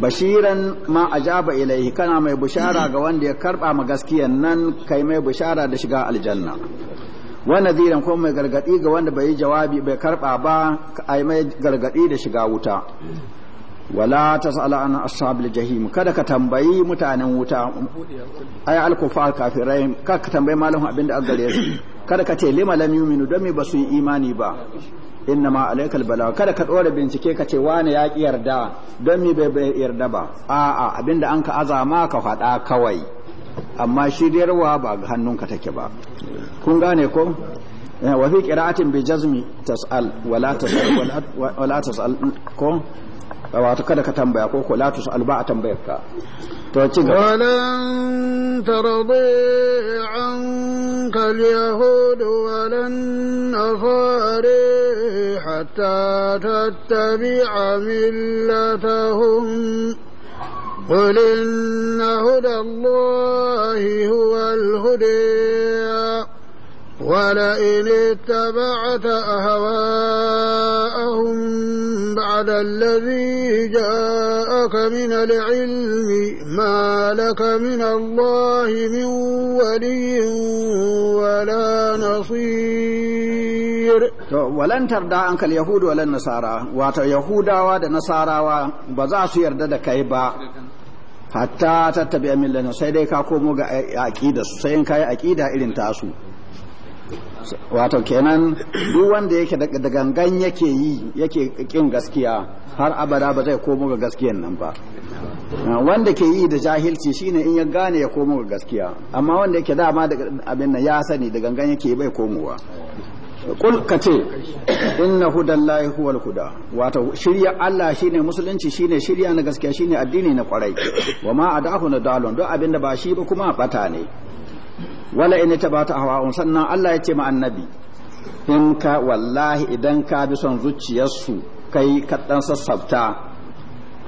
bashiran ma ajaba ilaihi kana mai bushara ga wanda ya karba ma gaskiyan nan kai mai bushara da shiga aljanna wa nadiran ko mai gargadi ga wanda bai jawabi bai karba ba ai mai gargadi da shiga wuta wala tas'ala an ashabil jahim kada ka tambayi mutanen wuta ai al-kufar kafirai ka tambayi malamin abinda an su kada ka ce lima lam yuminu don me ba su yi imani ba inna ma alaikal bala kada ka dora bincike ka ce wani ya ki yarda don me bai bai yarda ba a'a abinda an ka azama ka faɗa kawai amma shiryarwa ba ga hannunka take ba kun gane ko eh, wa fi qira'atin bi jazmi tas'al wala tas'al wala tas'al ko wato kada ka tambaya ko ko la tus'alu ba a tambayar ka to ci gaba walan tardi an kal
yahud walan nafari hatta tattabi'a millatahum قل إن هدى الله هو الهدي ولئن اتبعت أهواءهم بعد الذي جاءك من العلم ما لك من الله من ولي ولا
نصير ولن تردى أنك اليهود ولا النصارى واتو يهودا ودا نصارى وبزع سير yarda كيبا حتى تتبع hatta tattabi amillana sai dai ka komo ga aqida su wato kenan duk wanda yake da gangan yake yi yake kin gaskiya har abada ba zai komo ga gaskiyan nan ba ah, wanda ke yi da jahilci shine in ya gane ya komo ga gaskiya amma wanda yake dama da abin nan ya sani da gangan yake bai komowa kul ka inna hudallahi huwal huda wato shirya Allah shine musulunci shine shirya na gaskiya shine addini na kwarai wa ma adahu na dalon don abinda ba shi ba kuma bata ne wala in hawa hawa'un um, sannan Allah ya ce ma annabi in ka wallahi idan ka bi son zuciyarsu kai ka dan sassafta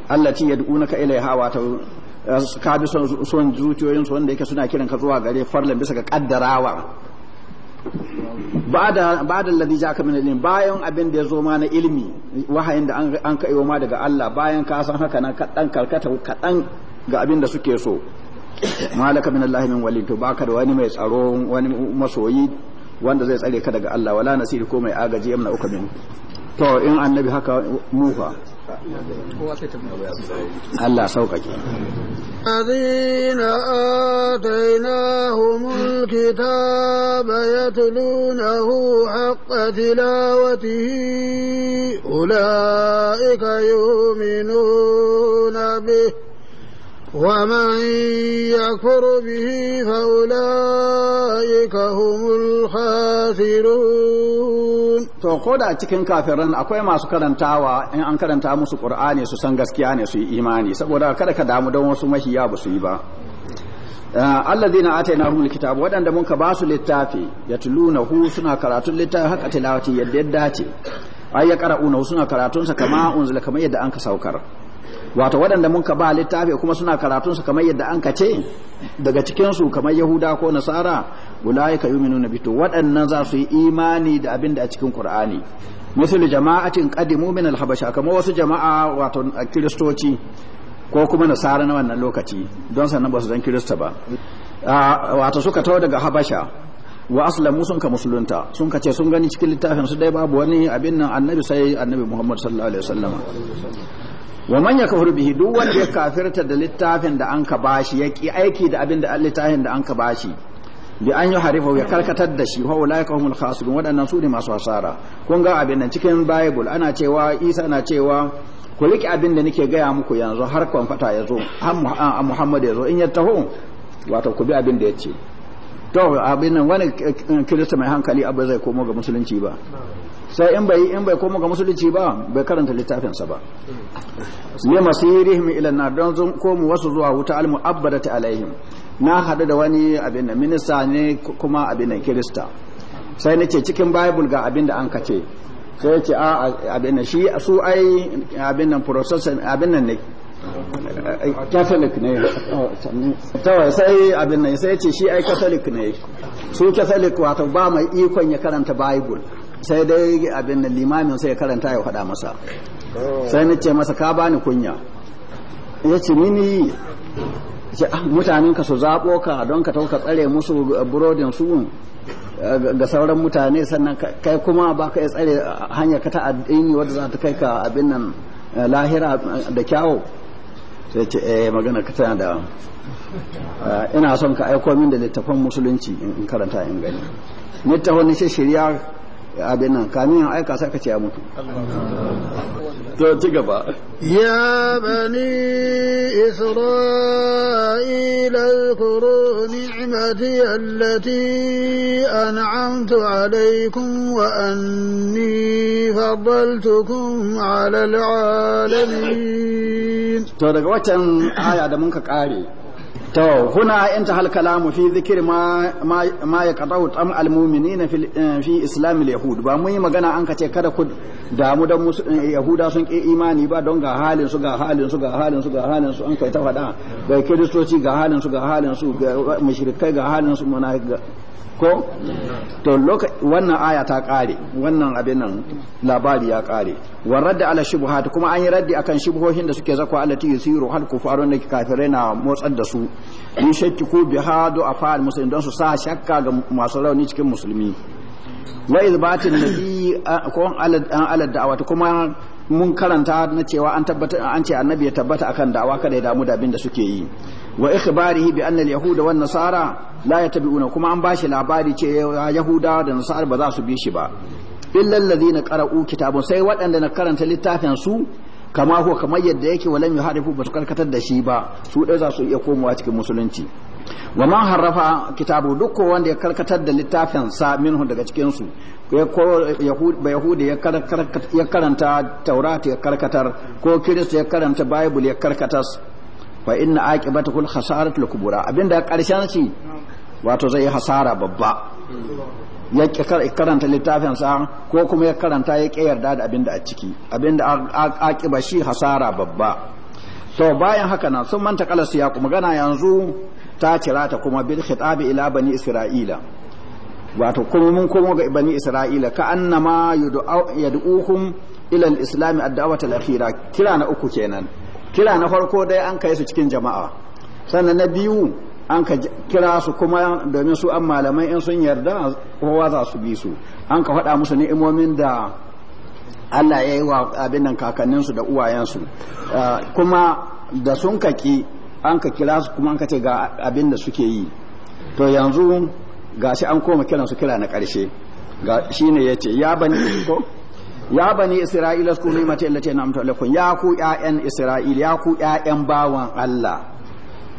Allah ci ya duuna ka ilai hawa ta eh, ka bi son son su wanda yake suna kiran ka zuwa gare farlan bisa ga kaddarawa ba'da ba'da alladhi ja'aka min ilmi bayan abin da ya zoma na ilmi wahayin da an an kaiwo ma daga Allah bayan ka san haka nan ka dan karkata ka dan ga abin da suke so malaka min Allah min wali to baka da wani mai tsaro wani masoyi wanda zai tsare ka daga Allah wala nasiri ko mai agaji yamna uka min to in annabi haka mufa Allah sauƙaƙe
azina آتيناهم الكتاب يتلونه حق تلاوته أولئك يؤمنون به ومن يكفر به
فأولئك هم الخاسرون to ko da cikin kafiran akwai masu karantawa in an karanta musu qur'ani su san gaskiya ne su yi imani saboda kada ka damu don wasu mahiya ba su yi ba eh, allazina atainahum alkitab wadanda mun ka basu littafi yatlunahu suna karatun littafi haka tilawati yadda ya dace ay suna karatunsa kama unzila kama yadda an ka saukar wato waɗanda mun ka ba littafi kuma suna karatunsu kamar yadda an ka ce daga cikinsu kamar yahuda ko nasara ulai ka yuminu na bito waɗannan za su yi imani da abin da a cikin qur'ani musul jama'atin qadimu min alhabasha kamar wasu jama'a wato kiristoci ko kuma nasara na wannan lokaci don sannan ba su zan kirista ba wato suka tawo daga habasha wa aslamu sun ka musulunta sun ka ce sun gani cikin littafin su dai babu wani abin nan annabi sai annabi muhammad sallallahu alaihi wasallama wa man yakfur bihi duk wanda ya kafirta da littafin da anka bashi ya ki aiki da abin da littafin da anka bashi bi an yi harifa ya karkatar da shi wa ulaika humul khasirun waɗannan su ne masu hasara kun ga abin nan cikin bible ana cewa isa na cewa ku rike abin da nake gaya muku yanzu har kwamfata ya zo har muhammad ya zo in ya taho wato ku bi abin da ya ce to abin nan wani kirista mai hankali abu zai komo ga musulunci ba sai in bai in bai koma ga musulunci ba bai karanta littafinsa ba ne masirihim ila na don ko komu wasu zuwa wuta al mu'abbadati alaihim na hadu da wani abin da minista ne kuma abin da kirista sai nace cikin bible ga abin da an kace sai yace a abin da shi su ai abin nan processing abin nan ne catholic ne tawai sai abin nan sai yace shi ai catholic ne su catholic wato ba mai ikon ya karanta bible sai dai abin da limamin sai ya karanta ya faɗa masa sai na ce masa ka bani kunya ya ce mini ah, mutanen ka su zaɓo ka don ka tauka tsare musu burodin su ga sauran mutane sannan kai kuma ba ka tsare hanyar ka ta addini wadda za ta kai ka abin nan eh, lahira da kyawo sai ce eh magana ka tana da eh, ina son ka aiko min da littafin musulunci in karanta in gani littafan shi shirya abin nan kamin ya aika sai ka ya mutu to ci gaba ya bani isra'ila
zkuru ni'mati allati an'amtu alaykum wa anni faddaltukum 'ala
al'alamin to daga wacan aya da mun ka kare to huna inta hal kalamu fi zikir ma ya qadahu tam al'ummini na fi eh, fi islam al yahud ba mun yi magana an kace kada ku damu dan eh, yahuda sun ki imani ba don ga halin su ga halin su ga halin su ga halin su an kai ta fada ga kiristoci ga halin su ga halin su ga mushrikai ga halin su munafiki ko to wannan aya ta kare wannan abin nan labari ya kare wa radda ala shubuhat kuma an yi raddi akan shubuhohin da suke zakwa allati yusiru hal kufarun da kafirai na motsar da su in shakku bi hadu afal muslimin don su sa shakka ga masu rauni cikin musulmi wa izbatin nabi ko ala da'awa kuma mun karanta na cewa an tabbata an ce annabi ya tabbata akan da'awa kada ya damu da abin da suke yi wa ikhbarihi bi anna al-yahuda wan nasara la yatabi'una kuma an bashi labari ce yahuda da nasara ba za su bi shi ba illa alladhina qara'u kitabun sai waɗanda na karanta littafin su kama huwa kamar yadda yake walam yuharifu ba su karkatar da shi ba su dai za su iya komawa cikin musulunci wa man harrafa kitabu duk wanda ya karkatar da littafin sa minhu daga cikin su ko yahudi ya karanta taurata ya karkatar ko kirista ya karanta bible ya karkatar fa inna aqibatul khasaratu al-kubra abinda karshen shi wato zai hasara babba ya karanta littafin sa ko kuma ya karanta ya yarda da abinda a ciki abinda aqiba shi hasara babba to bayan haka nan sun manta kala siyaqu magana yanzu ta cira ta kuma bil khitabi ila bani isra'ila wato kuma mun komo ga bani isra'ila ka annama yad'uhum ila al-islam ad-da'wat al-akhira kira na uku kenan kira na farko dai an kai su cikin jama'a sannan na biyu an ka kira su kuma domin su an malamai in sun yarda kowa za su bi su an ka faɗa musu ni'imomin da Allah ya yi wa abin nan kakanninsu da uwayensu ah, kuma da sun kaki an ka kira su kuma an ka ce ga abin da suke yi to yanzu ga shi an koma kiransu kira na ƙarshe ga ya ce ya bani ko ya bani isra'ila mace ni'mati na amta alaikum ya ku ƴaƴan isra'il ya ku ƴaƴan bawan Allah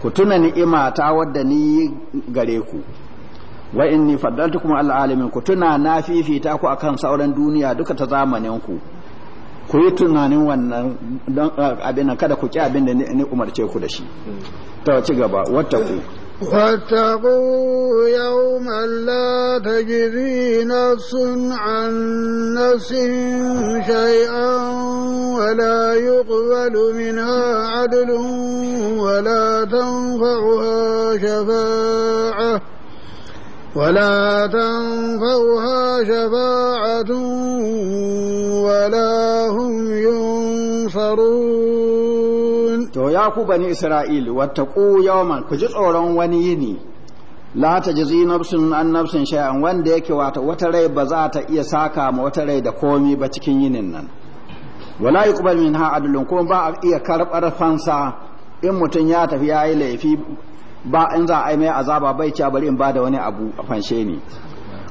ku tuna ni'ima ta wadda ni gare ku wa inni faddaltukum al alamin ku tuna na fifita ku akan sauran duniya duka ta zamanin ku ku yi tunanin wannan don abin kada ku ki abin da ni umarce ku da shi ta ci gaba ku.
واتقوا يوما لا تجزي نفس عن نفس شيئا ولا يقبل منها عدل ولا تنفعها شفاعة ولا تنفعها شفاعة ولا هم
ينصرون ya ku bani isra'il wata ku yawman ku ji tsoron wani yini la zi nafsun an nafsin shay'an wanda yake wata wata rai ba za ta iya saka ma wata rai da komi ba cikin yinin nan wala min ha adlun kuma ba a iya karbar fansa in mutum ya tafi ya yi laifi ba in za a yi mai azaba bai cewa bari in ba da wani abu a fanshe ni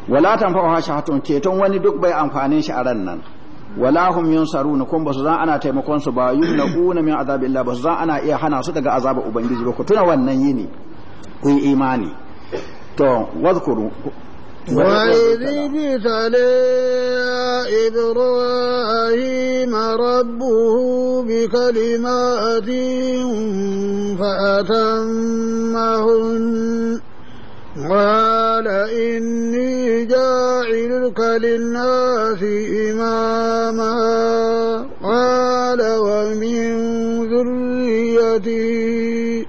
wala tanfa'u shahatun ceton wani duk bai amfanin shi a ran nan wala hum yunsarun kun basu zan ana taimakon su ba kuna min azabi illa basu zan ana iya hana su daga azaba ubangiji ba ku tuna wannan yini ku yi imani to wazkuru وإذ
ابتلى إبراهيم ربه بكلمات فأتمهن قال إني جاعلك للناس إماما قال ومن ذريتي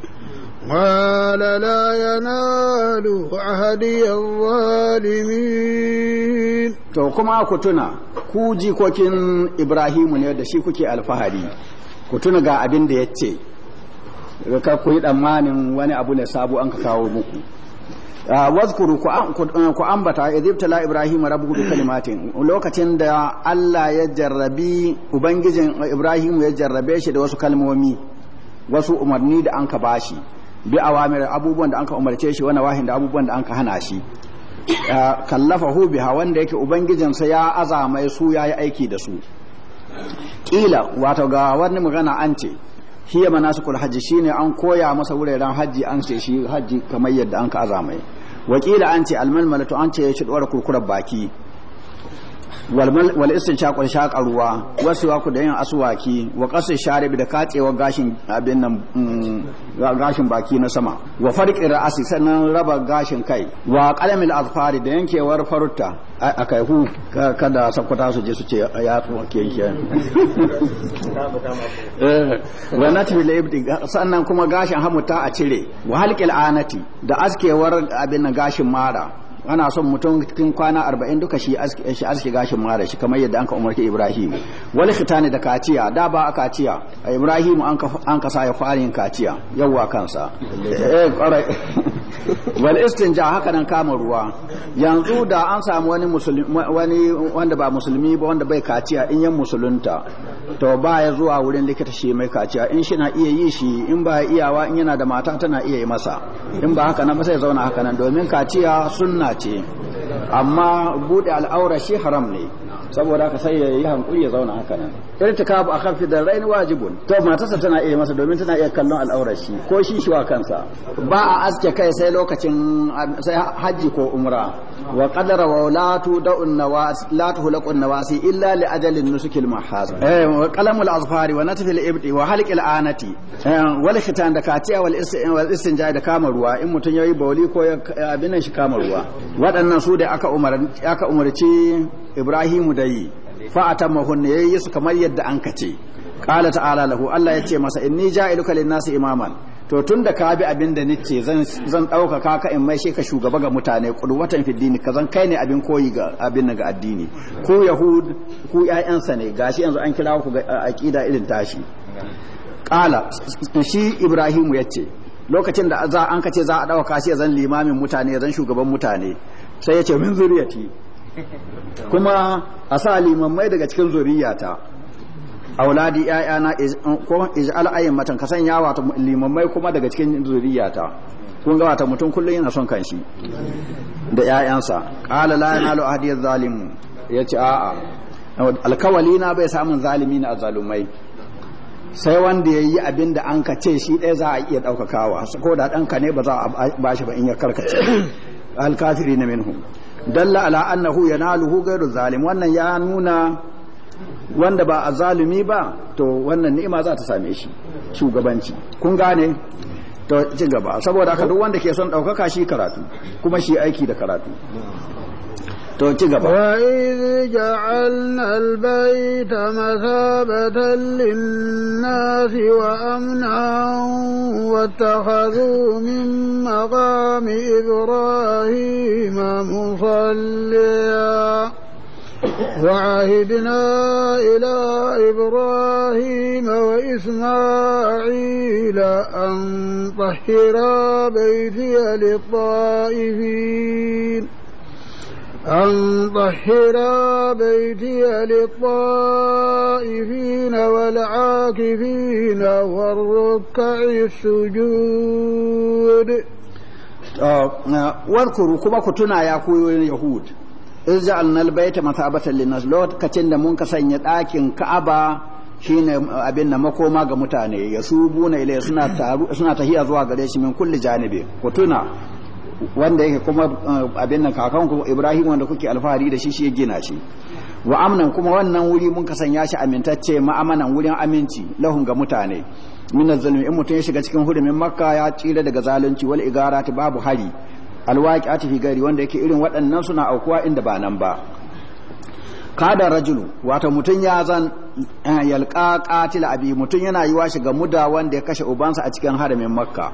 قال لا ينال عهدي الظالمين
to kuma ku tuna ku jikokin Ibrahimu ne da shi kuke alfahari ku tuna ga abin da yace ka ku yi tsammanin wani abu ne sabu an ka kawo muku Ah, wazkuru ku eh, ambata la ibrahim rabbuhu bi kalimatin lokacin da Allah ya jarrabi ubangijin eh, ibrahim ya jarrabe shi da wasu kalmomi wasu umarni da anka bashi bi awamir abubuwan da anka umarce shi wani wahin da abubuwan da anka hana shi ah, kallafa hubi biha wanda yake ubangijin sa ya azama su ya yi aiki da su kila wato ga wani magana an ce hiya manasikul hajji shine an koya masa wuraren hajji an ce shi hajji kamar yadda an ka azamai wakila an ce to an ce ya ci ɗora kurkurar baki wal istinshaqun shaqa ruwa wasu da yin asuwaki wa share sharib da katsewa gashin abin nan mm, gashin baki na sama wa farqi ra'asi sannan raba gashin kai wa qalamil azfari da yankewar farutta Kai hu kada sakwata su je su ce ya tsoke eh, wa sannan kuma gashin hamuta a cire wa halqil anati da askewar abin gashin mara ana son mutum cikin kwana arba'in duka shi aski gashin mara shi kamar yadda an ka umarci ibrahim wani fitani da kaciya da ba a kaciya a ibrahim an ka sa ya fara yin kaciya yawwa kansa eh, wal istinja haka nan kama ruwa yanzu da an samu wani wani wanda ba musulmi ba wanda bai kaciya in yan musulunta to ba ya zuwa wurin likita shi mai kaciya in shi na iya yi shi in ba iyawa in yana da mata tana iya yi masa in ba haka nan ba sai zauna haka nan domin kaciya sunna ce amma bude al'aura shi haram ne saboda ka sai yayi hankuri ya zauna haka nan irtikabu da darrain wajibun to matarsa tana iya masa domin tana iya kallon al'aurar shi ko shi shi wa kansa ba a aske kai sai lokacin sai haji ko umra wa qadara wa latu tudun nawas la illa li ajalin nusukil mahaz eh wa qalamul azfari wa natfil ibdi wa halqil anati eh, wal khitan da kaciya wal istinja da kama ruwa in mutun yayi bauli ko abinan shi kama ruwa waɗannan su da aka umarci ibrahimu da yi fa'atan mahunna ya yi su kamar yadda an kace ƙala ta'ala lahu Allah ya ce masa in ni inni ja'iluka nasu imaman to tun da ka bi abin da nice zan ɗaukaka ka in mai ka shugaba ga mutane watan fiddini ka zan kai ne abin koyi ga abin ga addini ku yahud ku ƴaƴansa ne gashi yanzu an kira ku ga aƙida irin tashi ƙala shi ibrahimu ya ce lokacin da za an kace za a dauka shi zan limamin mutane zan shugaban mutane sai yace min zuriyati kuma a sa mai daga cikin zuriyata auladi ƴaƴana ko ij'al ayyamatan ka sanya wato mai kuma daga cikin zuriyata kun ga wata mutum kullum yana son kanshi da ƴaƴansa qala la yanalu ahdi zalimu yace a'a alkawali na bai samun zalimi na zalumai sai wanda ya yi abin da an kace shi ɗaya za a iya ɗaukakawa ko da ɗanka ne ba za a ba shi ba in ya karkace alkafiri na minhu dalla ala annahu yanaluhu ghairu zalim wannan ya nuna wanda ba a zalumi ba to wannan ni'ima za ta same shi shugabanci kun gane to ci gaba saboda haka duk wanda ke son ɗaukaka shi karatu kuma shi aiki da karatu وإذ
جعلنا البيت مثابة للناس وأمنا واتخذوا من مقام إبراهيم مصليا وعهدنا إلى إبراهيم وإسماعيل أن طهرا بيتي للطائفين أن طهر بيتي للطائفين والعاكفين والركع السجود
warkuru kuma ku ya koyo yahud in ja'alna albayta mathabatan linnas lokacin da mun ka sanya ɗakin ka'aba shine abin da makoma ga mutane yasubuna ilay suna suna tahiya zuwa gare shi min kulli janibi ku wanda yake kuma eh, abin nan kakanku Ibrahim wanda kuke alfahari da shi shi ya gina shi wa amnan kuma wannan wuri mun ya shi amintacce ma'amanan wurin aminci lahun ga mutane min zalimi in mutum ya shiga cikin hurumin makka ya tsira daga zalunci wal igarati babu hari alwaqi'ati fi gari wanda yake irin waɗannan suna aukuwa inda ba nan ba kada rajulu wato mutum ya zan eh, yalqa qatil abi mutum yana yiwa shiga muda wanda ya kashe ubansa a cikin haramin makka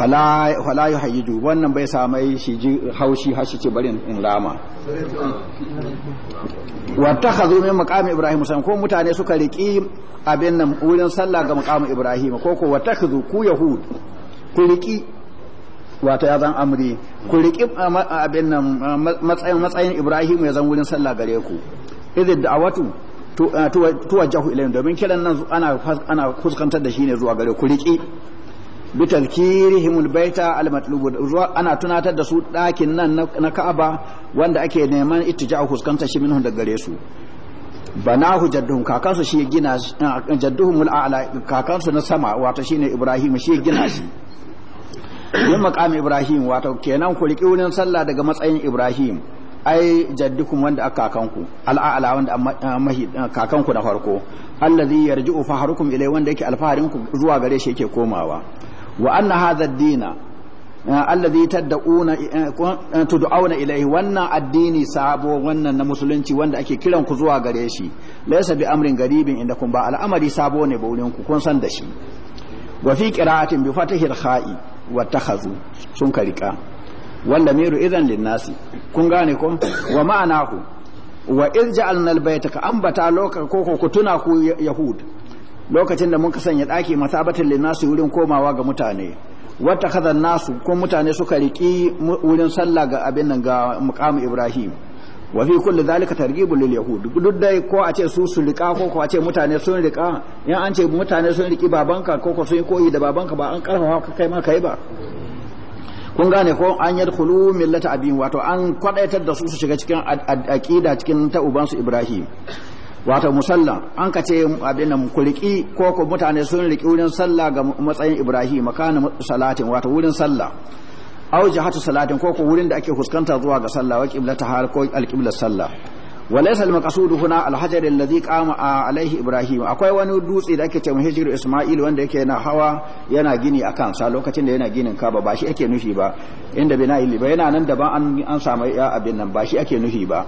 fala yi hayyiju wannan bai samai shi ji haushi har shi ce barin in lama wata ka zo mai makamin ibrahim musamman ko mutane suka riƙi abin nan wurin sallah ga makamin ibrahim ko ko wata ka zo ku yahud ku riƙi Wata ya zan amri ku riƙi eh, abin nan eh, matsayin matsayin ibrahim ya zan wurin sallah gare ku da idid eh, tuwa jahu ilayhim domin kiran nan ana ana kuskantar da shi ne zuwa gare ku riƙi bitalkirihimul baita almatlubu ana tunatar da su dakin nan na Ka'aba wanda ake neman ittija'u huskanta shi minhu daga gare su banahu jadduhum kakansu shi gina jadduhum a'la kakansu na sama wato shine Ibrahim shi gina shi yin maqami Ibrahim wato kenan ku riki wurin sallah daga matsayin Ibrahim ai jaddukum wanda aka kakanku al'a'la wanda mahi kakanku na farko allazi yarji'u faharukum ilai wanda yake alfaharinku zuwa gare shi yake komawa wa anna hadha ad zai eh, alladhi tad'una eh, tud'auna ilayhi wannan addini sabo wannan na musulunci wanda ake kiran ku zuwa gare shi laysa bi amrin garibin inda kun ba al'amari sabo ne ba wurin ku kun san da shi wa fi qira'atin bi fatihi al sun wanda kun gane wa ka ambata lokal koko ku tuna ku lokacin da muka sanya daki masabatin linnasu wurin komawa ga mutane wata kazan nasu ko mutane suka riki wurin sallah ga abin nan ga muqamu ibrahim wa fi kulli zalika targhibul lil yahud duk dai ko a ce su su rika ko ko a ce mutane sun rika in an ce mutane sun riki babanka ko ko sun koyi da babanka ba an karfafa ka kai ma kai ba kun gane ko an yadkhulu millata abin wato an kwadaitar da su su shiga cikin aqida cikin ta ubansu ibrahim wato musalla an ka ce abin ku riƙi ko mutane sun riki wurin sallah ga matsayin ibrahim makana salatin wato wurin sallah aw jihatu salatin ko ku wurin da ake fuskanta zuwa ga sallah wa qiblata har ko alqiblat sallah walaysa almaqsudu huna alhajar alladhi qama alaihi ibrahim akwai wani dutse da ake ce hijru isma'il wanda yake na hawa yana gini akan sa lokacin da yana ginin kaba ba shi ake nufi ba inda bina illi ba yana nan daban an an samu ya abin nan ba shi ake nufi ba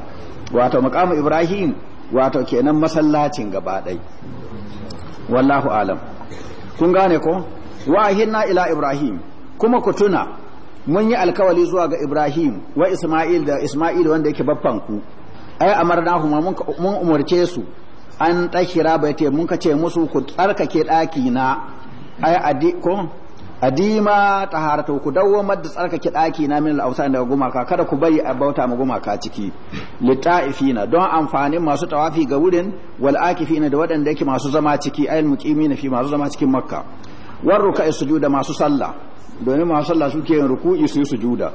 wato maqamu ibrahim wato kenan masallacin gaba ɗai wallahu alam kun gane ko wahinna ila ibrahim kuma ku tuna mun yi alkawali zuwa ga ibrahim wa isma'il da isma'il wanda yake babban ku ai amarnahu mun umurce su an ɗakira bai te mun kace musu ku tsarkake ɗaki na ai adi ko adima harata ku dawo da tsarkake daki na min al da daga gumaka kada ku bari a bauta ma gumaka ciki ta'ifina don amfanin masu tawafi ga wurin wal akifina da waɗanda yake masu zama ciki ayil muqimina fi masu zama cikin makka war ruka'i sujuda masu sallah domin masu sallah suke yin ruku'i su sujuda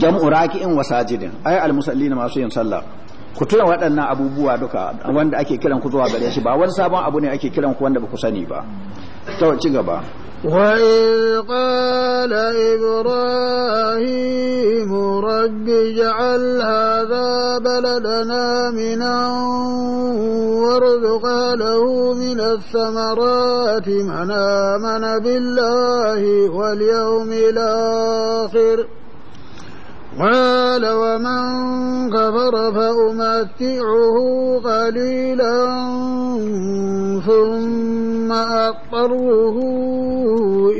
jam'u raki'in wa sajidin ay al-musallina masu yin sallah ku tuna waɗannan abubuwa duka wanda ake kiran ku zuwa gare shi ba wani sabon abu ne ake kiran ku wanda ba ku sani ba to ci gaba
وإذ قال إبراهيم رب اجعل هذا بلدنا منا وارزق له من الثمرات من آمن بالله واليوم الآخر قال ومن كفر فأمتعه قليلا ثم أضطره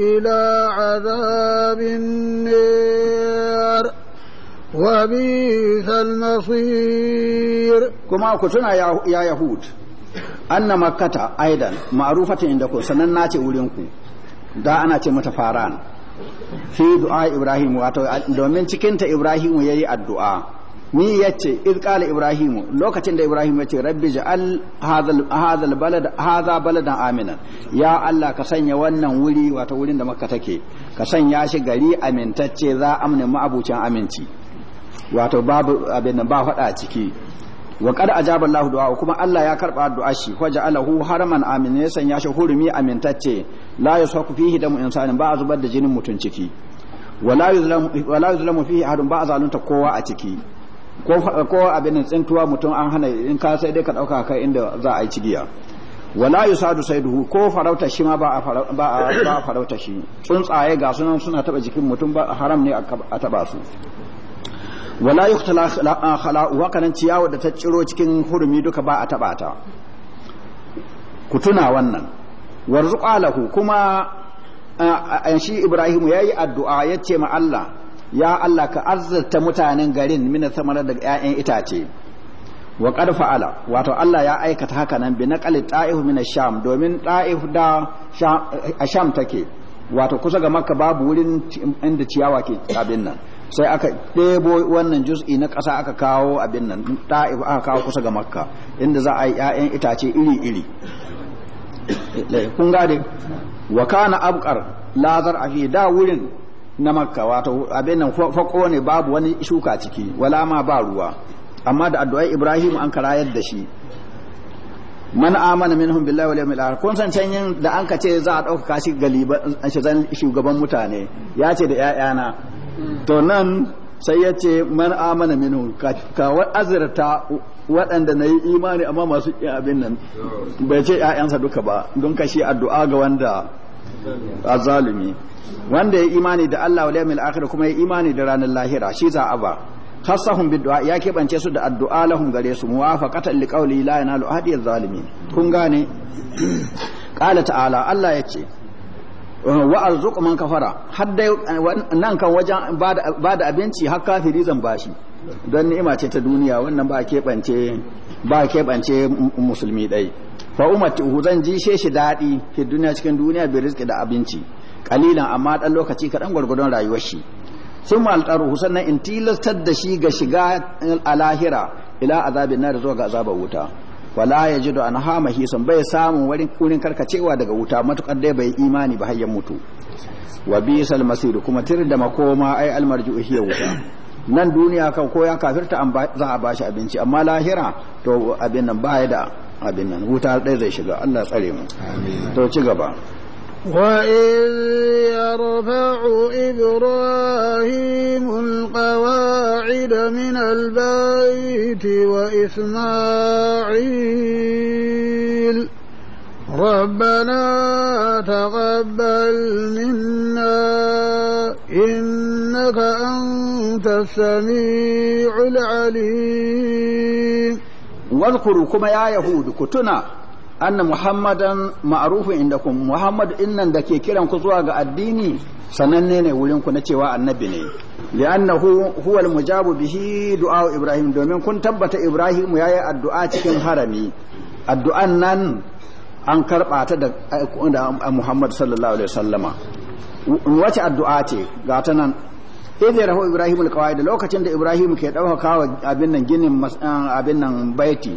إلى عذاب النار
وبئس المصير كما كتنا يا يهود أن مكة أيضا معروفة عندكم سننا أولينكم da ana ce fi du'a ibrahim wato domin cikin ta ibrahim yayi addu'a ni yace iz qala ibrahim lokacin da ibrahim yace rabbi ja'al hadhal hadhal balad hadha baladan aminan ya allah ka sanya wannan wuri wato wurin da makka take ka sanya shi gari amintacce za amne mu abucin aminci wato babu abin ba fada ciki wa qad ajaba allah du'a kuma allah ya karba addu'a shi waja'alahu alahu haraman amin ya sanya shi hurumi amintacce la yashaku fihi damu insanin ba a zubar da jinin mutum ciki wala yuzlamu fihi ahadun ba a zalunta kowa a ciki ko abin tsintuwa mutum an hana in ka sai dai ka dauka kai inda za a yi cigiya sadu sai duhu ko farauta shi ma ba a farauta shi tsuntsaye ga sunan suna taba jikin mutum ba haram ne a taba su wala yuqtala khala'u wa kanan ciyawa da ta ciro cikin hurumi duka ba a taba ta ku tuna wannan warzuqa lahu kuma shi Ibrahim yayi addu'a yace ma Allah ya Allah ka azzata mutanen garin mina samara daga ƴaƴan itace wa qad fa'ala wato Allah ya aikata haka nan bi naqal ta'ihu min ash-sham domin ta'if da sham take wato kusa ga makka babu wurin inda ciyawa ke abin nan sai aka ɗebo wannan juz'i na ƙasa aka kawo abin nan ta'ifu aka kawo kusa ga makka inda za a yi 'ya'yan itace iri-iri kun gade wa kana abqar lazar afi da wurin na makka wato abin nan fako ne babu wani shuka ciki wala ma ba ruwa amma da addu'ai ibrahim an karayar da shi man amana minhum billahi wal yawmil akhir kun san can yin da an ka ce za a dauka kashi galiba shi zan shugaban mutane ya ce da ƴaƴana to nan sai ya ce man amana minhum ka azrata waɗanda na yi imani amma masu ƙin abin nan bai ce ‘ya'yansa duka ba don kashi addu'a ga wanda A zalumi. wanda ya imani da Allah wale mil akhir kuma ya imani da ranar lahira shi za a ba khassahum bid ya kebance su da addu'a lahum gare su muwafaqatan liqawli la yanalu ahadi az-zalimi kun gane qala ta'ala Allah ya ce wa arzuq man kafara har nan kan wajen bada abinci har kafiri zan bashi don ni'ima ce ta duniya wannan ba keɓance ba keɓance musulmi ɗai fa Uhu zan ji shi daɗi fi duniya cikin duniya bi rizqi da abinci kalilan amma ɗan lokaci kaɗan gwargwadon rayuwar shi sun maltaruhu sannan in tilastar da shi ga shiga alahira ila azabin nar zuwa ga azabar wuta wala yajidu an hama hisan bai samun wurin kurin karkacewa daga wuta matukar dai bai imani ba har mutu wa bisal masir kuma tir da makoma ai almarji'u hiya wuta nan duniya kan ko ya kafirta za a bashi abinci amma lahira to abin nan baya da abin nan wuta ɗaya zai shiga Allah tsare mu to ci gaba
وإذ يرفع إبراهيم القواعد من البيت وإسماعيل ربنا تقبل منا إنك أنت السميع
العليم واذكروا كما يا يهود كتنا أن محمدا معروف عندكم محمد إن دكي كيران كزوا الديني sananne ne wurin ku na cewa annabi ne li'annahu huwa al-mujabu bihi du'a Ibrahim domin kun tabbata Ibrahim yayi addu'a cikin harami addu'an nan an karɓa ta da Muhammad sallallahu alaihi wasallama wace addu'a ce ga ta nan idza rahu ibrahim alqawaid lokacin da ibrahim ke dauka kawo abin nan ginin abin nan baiti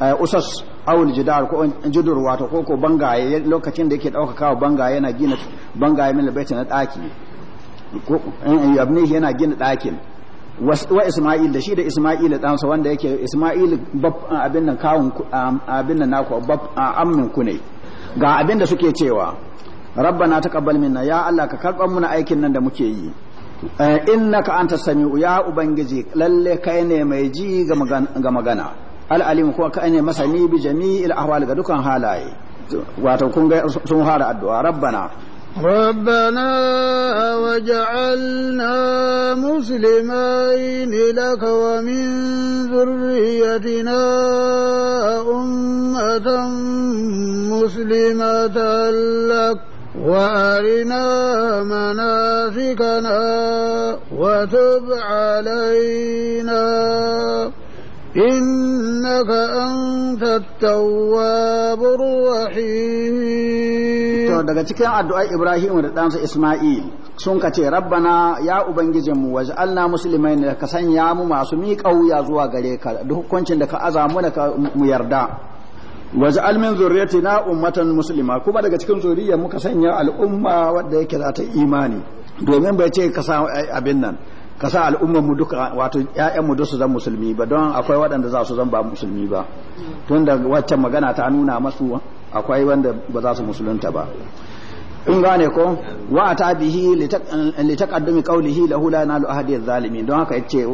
eh, usas awul jidar ko jidur wato ko ko bangaye lokacin da yake dauka kawo bangaye yana gina bangaye min baiti na daki ko eh, yabni yana gina dakin wa Isma'il da shi da Isma'il ɗansa wanda yake Isma'il abin nan kawun abin nan naku amnin ku ne ga abin da suke cewa rabbana taqabbal minna ya Allah ka karban muna aikin nan da muke yi eh, innaka anta sami'u ya ubangiji lalle kai ne mai ji ga magana al alim kuma kai ne masani bi jami'il ahwal ga dukan halaye wato kun ga sun fara addu'a rabbana
ربنا وجعلنا مسلمين لك ومن ذريتنا أمة مسلمة لك وأرنا مناسكنا وتب علينا إنك أنت التواب
الرحيم daga cikin addu'ar Ibrahim da ɗansa Isma'il sun ka ce rabbana ya ubangijinmu waj'alna muslimain ka sanya mu masu miƙa wuya zuwa gare ka duk hukuncin da ka aza mu da mu yarda waj'al min zurriyatina ummatan muslima kuma daga cikin zuriyar muka sanya al'umma wadda yake za ta imani domin bai ce ka samu eh, abin nan ka sa al'ummar mu duka wato ƴaƴan mu su zan musulmi ba don akwai waɗanda za su zan ba musulmi ba tun da waccan magana ta nuna masu akwai wanda ba za su musulunta ba in gane ko wa ata bihi li taqaddumi qawlihi lahu la nalu ahadi zalimin don haka yace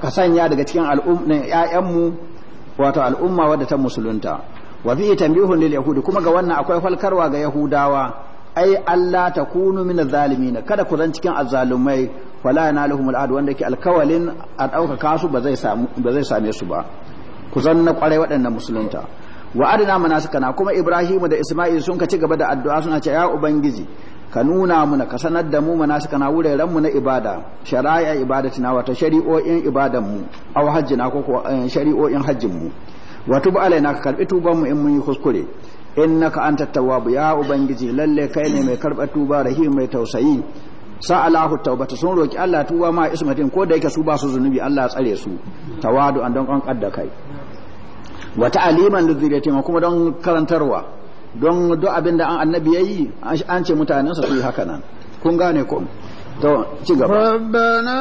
ka sanya daga cikin al'umma ƴaƴan mu wato al'umma wadda ta musulunta wa fi tanbihun lil yahudi kuma ga wannan akwai falkarwa ga yahudawa ai Allah takunu min zalimin kada ku zan cikin azzalumai fala yanaluhum al'ad wanda ke alkawalin a ɗaukaka su ba zai same su ba ku zanna kwarai waɗannan musulunta wa adina na kuma ibrahimu da isma'il sun ka ci gaba da addu'a suna ce ya ubangiji ka nuna muna ka sanar da mu na wuraren mu na ibada shari'a na wata shari'o'in ibadan mu aw hajjina ko eh, shari'o'in hajjin mu wa tubu alaina ka karbi tuban mu in mun yi kuskure innaka antat tawwab ya ubangiji lalle kai ne mai karɓar tuba rahim mai tausayi sa Allahu taubata sun roki Allah tuwa ma ismatin ko da yake su ba su zunubi Allah tsare su tawadu an don kankar da kai wa ta'aliman lidhuriyati kuma don karantarwa don duk abin da an annabi ya yi an ce mutanensa su yi haka nan kun gane ko ربنا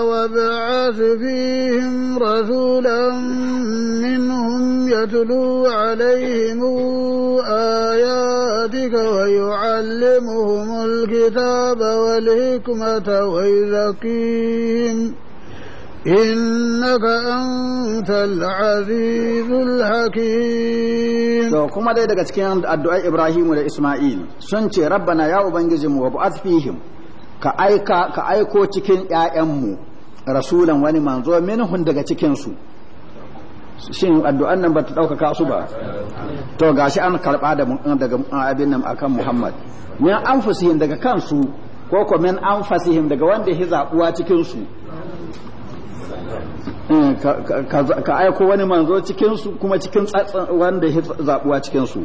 وابعث
فيهم رسولا منهم يتلو عليهم آياتك ويعلمهم الكتاب والحكمة ويزكيهم
إنك أنت العزيز الحكيم to kuma dai daga cikin addu'ar Ibrahim da Isma'il sun ce rabbana ya ubangijinmu wa bu'ath fihim ka aika ka aiko cikin ƴaƴanmu rasulan wani manzo minhum daga cikin shin addu'an nan ba ta ɗaukaka su ba to gashi an karɓa daga abin nan akan muhammad min anfusihim daga kansu ko ko min fasihin daga wanda ya zaɓuwa cikinsu. Eh, ka aiko wani manzo cikin su kuma cikin wanda ya zabuwa cikin su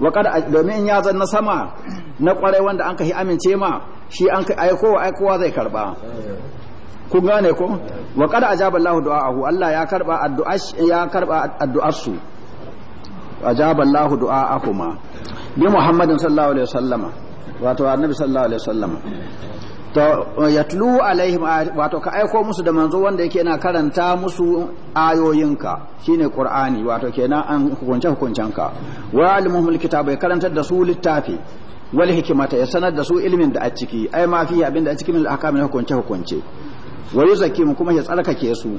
wa kad domin ya zan na sama na kwarai wanda an yi amince ma shi an ka aiko wa aikowa zai karba kun gane ko wa kada ajaba Allahu du'aahu Allah ya karba addu'a ya karba addu'ar su ajaba Allahu du'aahuma bi Muhammadin sallallahu alaihi wasallama wato annabi sallallahu alaihi wasallama yatlu alaihim wato ka aiko musu da manzo wanda yake yana karanta musu ayoyinka shine qur'ani wato kenan an hukunce hukuncenka wa alimuhum alkitaba ya karantar da su littafi wal hikmata ya sanar da su ilmin da a ciki ai ma fi abin da a cikin al'akamin hukunce hukunce wa yuzakkihim kuma ya tsarkake su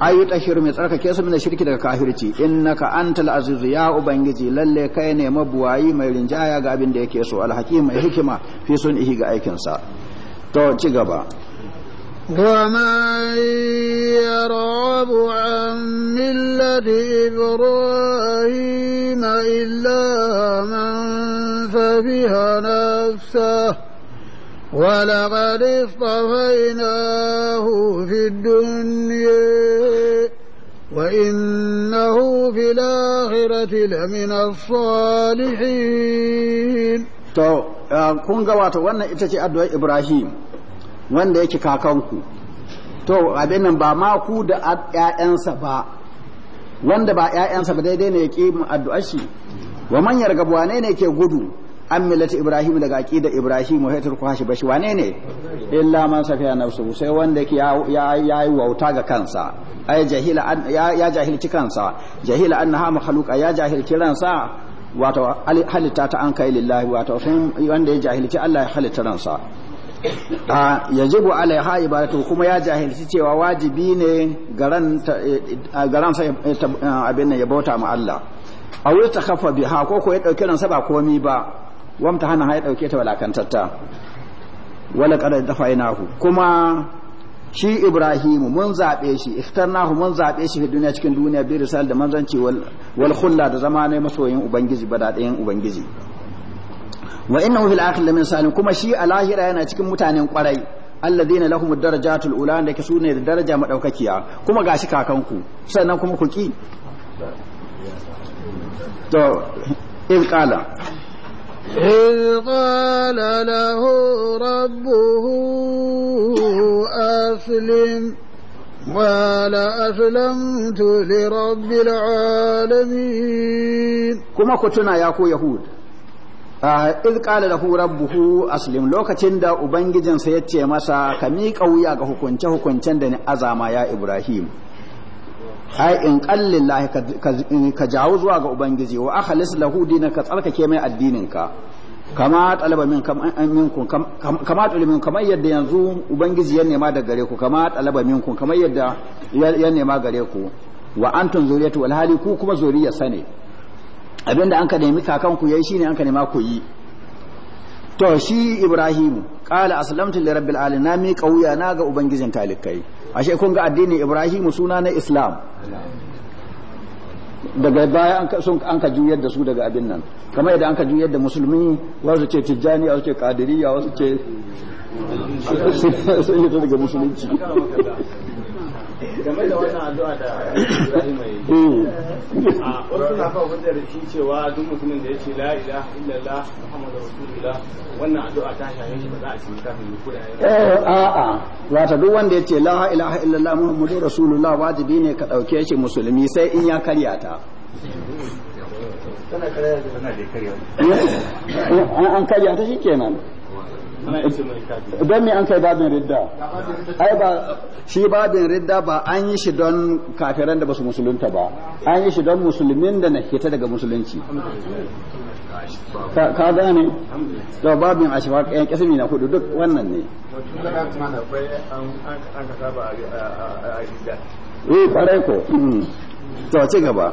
ayu tahir mai tsarkake su min shirki daga kafirci innaka antal azizu ya ubangiji lalle kai ne mabuwayi mai rinjaya ga abin da yake so alhakim mai hikima fi sunihi ga aikinsa to ci gaba
ومن يرغب عن ملة إبراهيم إلا من فبها نفسه ولقد اصطفيناه في الدنيا وإنه في الآخرة لمن
الصالحين to uh, kun ga wato wannan ita ce addu'ar Ibrahim wanda yake kakanku to abin nan ba ma ku da ƴaƴansa ba wanda ba ƴaƴansa ba daidai ne ya mu addu'ar shi wa man yargabu wane ne ke gudu an millati Ibrahim daga aqida Ibrahim wa haytar kuhashi bashi wane ne illa man safiya nafsu sai wanda yake ya yi wauta ga kansa ay jahila ya jahilci kansa jahila annaha makhluqa ya jahilci ransa wato halitta ta an kai lillahi wato wanda ya jahilci Allah ya halitta ransa a yajibu alaiha ibadatu kuma ya jahilci cewa wajibi ne garan eh, garan eh, abin nan ya bauta ma Allah a wuri ta kafa biha ko ko ya dauke ransa ba komi ba wamta hana ya dauke ta walakantatta wala qad dafa'inahu kuma shi ibrahimu mun zaɓe shi ikhtarnahu mun zaɓe shi fi duniya cikin duniya bi risal da manzanci wal khulla da zama ne masoyin ubangiji ba daɗayan ubangiji wa innahu fil akhir lamin salim kuma shi a lahira yana cikin mutanen kwarai alladhina lahum darajatul ula da ke sune da daraja maɗaukakiya kuma gashi kakanku sannan kuma ku ki to
إذ قال له ربه أسلم قال أسلمت لرب العالمين
كما كنتنا يا أخو يهود Uh, iz kala da hurar buhu a lokacin da ubangijinsa ya ce masa ka kami wuya ga hukunce-hukuncen da ni azama ya ibrahim ai in qallillahi ka jawo zuwa ga ubangiji wa akhlis lahu dinaka tsarkake mai addininka kama talaba min minkum kama talaba kamar yadda yanzu ubangiji ya nema da gare ku kama talaba minkum kamar yadda ya nema gare ku wa antum zuriyatu wal hali ku kuma zuriya sane abinda an ka nemi kakan ku yayi shine an ka nema ku yi to shi ibrahim qala aslamtu li rabbil alamin na mi wuya na ga ubangijin talikai ashe kun ga addinin ibrahim suna na islam daga baya an ka juyar da su daga abin nan kamar idan an ka juyar da musulmi wasu ce tijjani wasu ce kadiriya wasu ce daga musulunci game da wannan hmm. cewa duk ce la ilaha illallah muhammadu rasulullah wannan addu'a eh, a'a wanda ya ce la ilaha illallah muhammadu rasulullah wajibi ne ka ɗauke shi musulmi sai in ya karya ta an karya ta kenan.
don
me an kai babin ridda ai ba shi babin ridda ba an yi shi don kafiran da basu musulunta ba an yi shi don musulmin da na hita daga musulunci
ka gane da babin
ashfaq yan kasimi na hudu duk wannan ne eh kwarai ko to ci gaba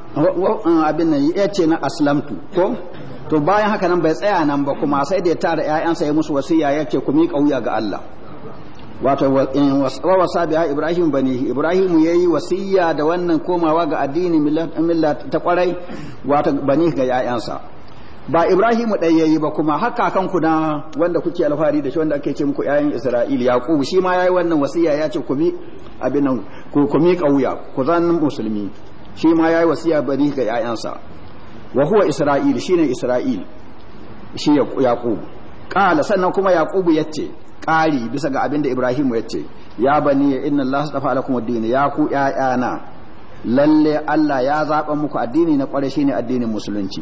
Uh, abin nan ya ce na aslamtu ko to bayan haka nan bai tsaya nan ba kuma sai da ya tara ƴaƴansa ya musu wasiya ya ce ku miƙa wuya ga Allah wato wa wasa biya Ibrahim bani Ibrahim yi wasiya da wannan komawa ga addini milla ta kwarai wato bani ga ƴaƴansa ba Ibrahim ɗaya yayi ba kuma haka kan ku na wanda kuke alfahari da shi wanda ake ce muku ƴaƴan Isra'il Yaqub shi ma yayi wannan wasiya ya ce ku mi abin nan ku miƙa wuya ku zan musulmi shi ma ya yi wasiya bari ga 'ya'yansa wa huwa isra'il ne isra'il shi yaqub qala sannan kuma ya yace ƙari bisa ga abinda ibrahim yace ya bani inna allaha astafa lakum ad-din ya ku yayana lalle Allah ya zaɓa muku addini na ƙwarashi shine addinin musulunci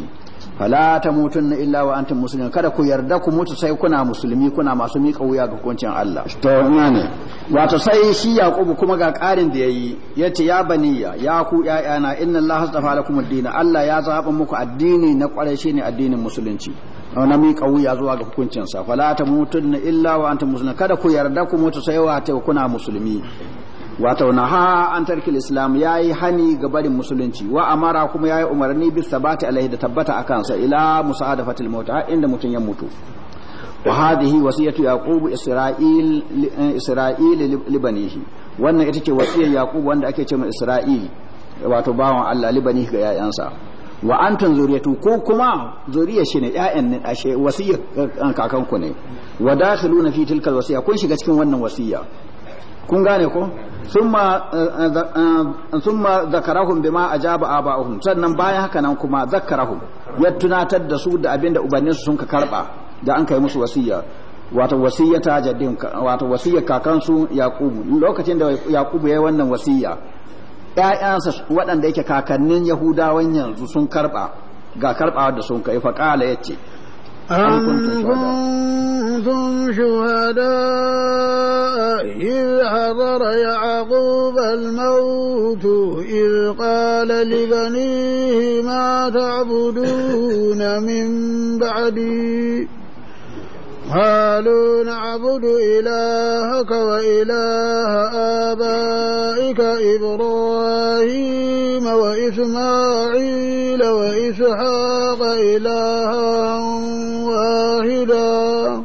fala ta na illa wa antum muslimin kada ku yarda ku mutu sai kuna musulmi kuna masu miƙa wuya ga hukuncin Allah to ina ne wato sai shi yaqubu kuma ga ƙarin da yayi yace ya baniya ya ku ƴaƴana inna Allah astafa lakum ad-din Allah ya zaba muku addini na shi ne addinin musulunci na miƙa wuya zuwa ga hukuncin sa fala na illa wa antum muslimin kada ku yarda ku mutu sai wa kuna musulmi wato naha an tarkil islam yayi hani ga barin musulunci wa amara kuma yi umarni bis sabati alaihi da tabbata akan sa ila musa'adafatil maut inda mutum ya mutu wa hadhihi wasiyatu yaqub isra'il eh, isra'il libanihi wannan ita ce wasiyar yaqub wanda ake cewa isra'il wato bawan Allah libanihi ga yayansa wa antum zuriyatu ko kuma zuriyar shi ne ƴaƴan ne ashe wasiyar eh, kakanku ne wa dakhiluna fi tilkal wasiya kun shiga cikin wannan wasiya kun gane ko eh, eh, eh, summa zakarahum bima ajaba aba'uhum sannan bayan haka nan kuma zakarahum ya tunatar da su da abinda ubanninsu sun ka karba da an kai musu wasiya wato ta jaddin wato wasiyar kakansu yaqubu lokacin da yaqubu yayi wannan wasiya ƴaƴansa waɗanda yake kakannin yahudawan yanzu sun karba ga karbawa da sun kai fa ya yace
أنتم شهداء إذ حضر يعقوب الموت إذ قال لبنيه ما تعبدون من بعدي قالوا نعبد إلهك وإله آبائك إبراهيم وإسماعيل وإسحاق إلها شهيدا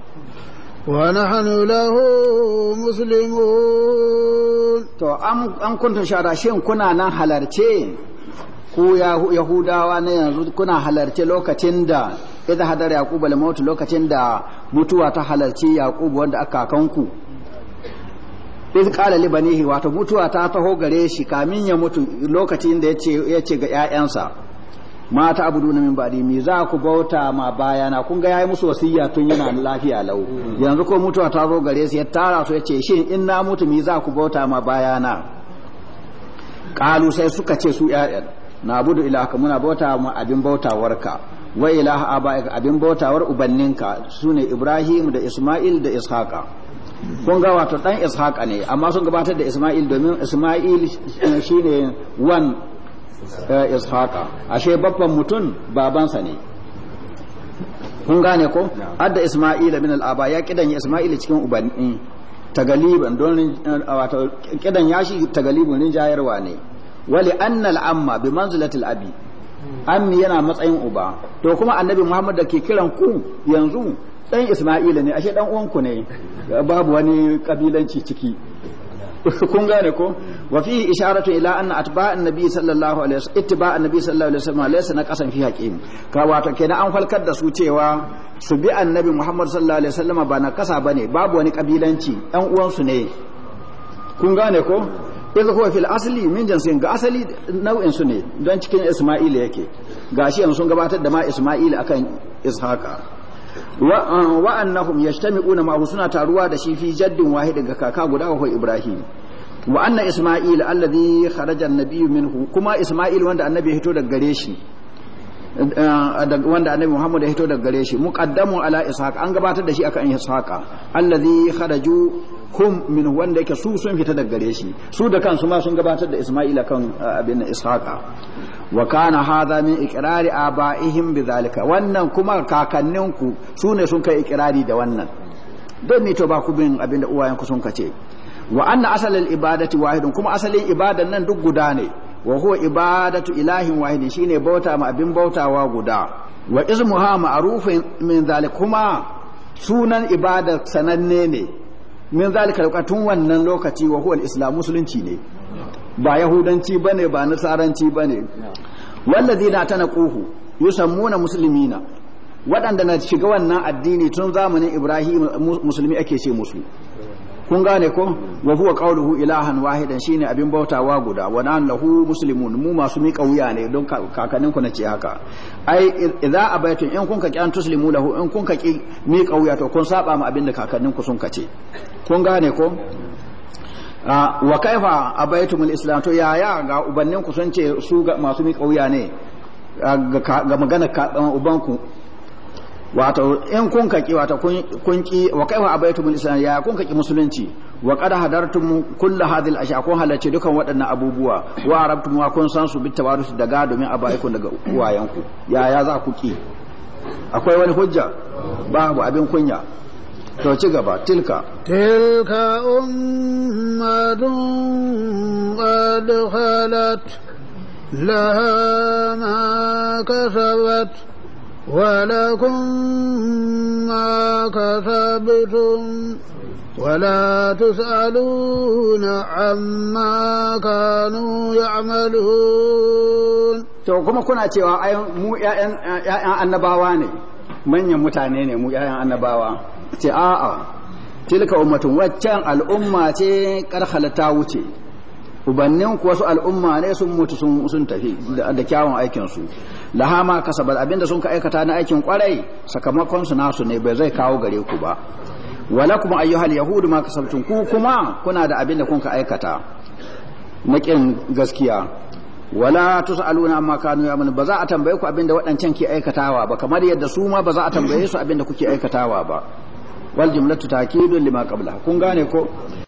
ونحن له مسلمون to an kuntum shara shin kuna nan halarce ku yahudawa na yanzu kuna halarce lokacin da idan hadar yaqub al maut lokacin da mutuwa ta halarci yaqub wanda aka kanku iz qala li banihi wato mutuwa ta taho gare shi kamin ya mutu lokacin da yace yace ga ƴaƴansa Mata ta na min ba'di me za ku bauta ma bayana kun ga yayi musu wasiya tun yana lafiya lau yanzu ko mutuwa ta zo gare su ya tara su yace shin in na mutu me za ku bauta ma bayana qalu sai suka ce su ya'yan na budu ilaka muna bauta ma abin bautawarka wa ilaha abaika abin bautawar ubanninka sune ibrahim da isma'il da ishaqa kun ga wato dan ishaqa ne amma sun gabatar da isma'il domin isma'il shine one ishaqa ashe babban mutum babansa ne kun gane ko adda isma'ila min al-aba ya kidan isma'ila cikin ubanni mm, tagaliban don eh, wato kidan yashi tagalibun jayarwa ne wali anna al-amma bi manzilati al-abi hmm. ammi yana matsayin uba to kuma annabi muhammad da ke kiran ku yanzu dan isma'ila ne ashe dan uwanku ne babu wani kabilanci ciki kun gane ko wa fi isharatu ila anna atba'an nabi sallallahu alaihi wasallam ittiba'an nabi sallallahu alaihi wasallam laysa qasam fi haqqihim ka wato kenan an falkar da su cewa su bi annabi Muhammad sallallahu alaihi wasallam ba na kasa bane babu wani kabilanci uwan uwansu ne kun gane ko idh huwa fil asli min jinsin ga asali nau'in su ne don cikin Isma'il yake gashi yanzu sun gabatar da ma Isma'il akan Ishaqa wa uh, annahum yajtami'una ma'ahu suna taruwa da shi fi jaddin wahid ga kaka guda wa Ibrahim wa anna Isma'il alladhi kharaja an-nabiyyu minhu kuma Isma'il wanda annabi ya hito daga gare shi uh, wanda annabi Muhammad ya hito daga gare shi muqaddamu ala Ishaq an gabatar da shi akan Ishaq alladhi kharaju hum min wanda yake su sun fita daga gare shi su da kansu ma sun gabatar da Isma'il kan uh, abin Ishaq wa kana hadha min iqrari abaihim bidhalika wannan kuma kakanninku su ne sun kai iqrari da wannan don ni to ba ku bin abinda uwayenku sun kace wa anna asalin ibadati wahidun kuma asalin ibadan nan duk guda ne wa huwa ibadatu ilahin wahidin shine bauta ma abin bautawa guda wa ismuha ma'rufun min zalik kuma sunan ibadar sananne ne min zalika lokacin wannan lokaci wa huwa islam musulunci ne ba yahudanci ba ne ba nasaranci kuhu. wallazina tanaquhu musulmi na. waɗanda na shiga wannan addini tun zamanin Ibrahim musulmi ake ce musu kun gane ko wa huwa qawluhu ilahan wahidan shine abin bautawa guda wa nan lahu muslimun mu masu mika wuya ne don kakannin ku nace haka ai idza abaitum in kun ka ki an tuslimu lahu in kun ka ki mika wuya to kun saba ma abin da kakannin ku sun kace kun gane ko Ah, wa kaifa abaitumul islam to yaya ga ubannin ku sun ce su masu mi kauya ne ah, ga magana uban ku wato in kun kaki wato kun ki wa kaifa abaitumul islam yaya kun kaki musulunci wa qad hadartum kullu hadhil ashya kun halace dukan waɗannan abubuwa wa arabtum wa kun san su bi tawarus daga domin abaikun daga uwayen ku yaya za ku ki akwai wani hujja babu abin kunya to ci gaba tilka tilka
ummatun qad khalat laha ma kasabat ولكم ما كسبتم ولا تسألون عما كانوا يعملون
to kuma kuna cewa ai mu ƴaƴan annabawa ne manyan mutane ne mu ƴaƴan annabawa ce a'a tilka ummatun waccan al'umma ce karhala ta wuce ubannin ku wasu al'umma ne sun mutu sun tafi da kyawun aikinsu lahama kasabar abinda sun ka aikata na aikin kwarai sakamakon su nasu ne bai zai kawo gare ku ba wala kuma ayyuhal yahudu ma kasabtum ku kuma kuna da abinda kun ka aikata makin gaskiya wala tusaluna amma kanu mun ba za a tambaye ku abinda waɗancan ke aikatawa ba kamar yadda su ma ba za a tambaye su abinda kuke aikatawa ba wal jumlatu ta'kidun lima qabla kun gane ko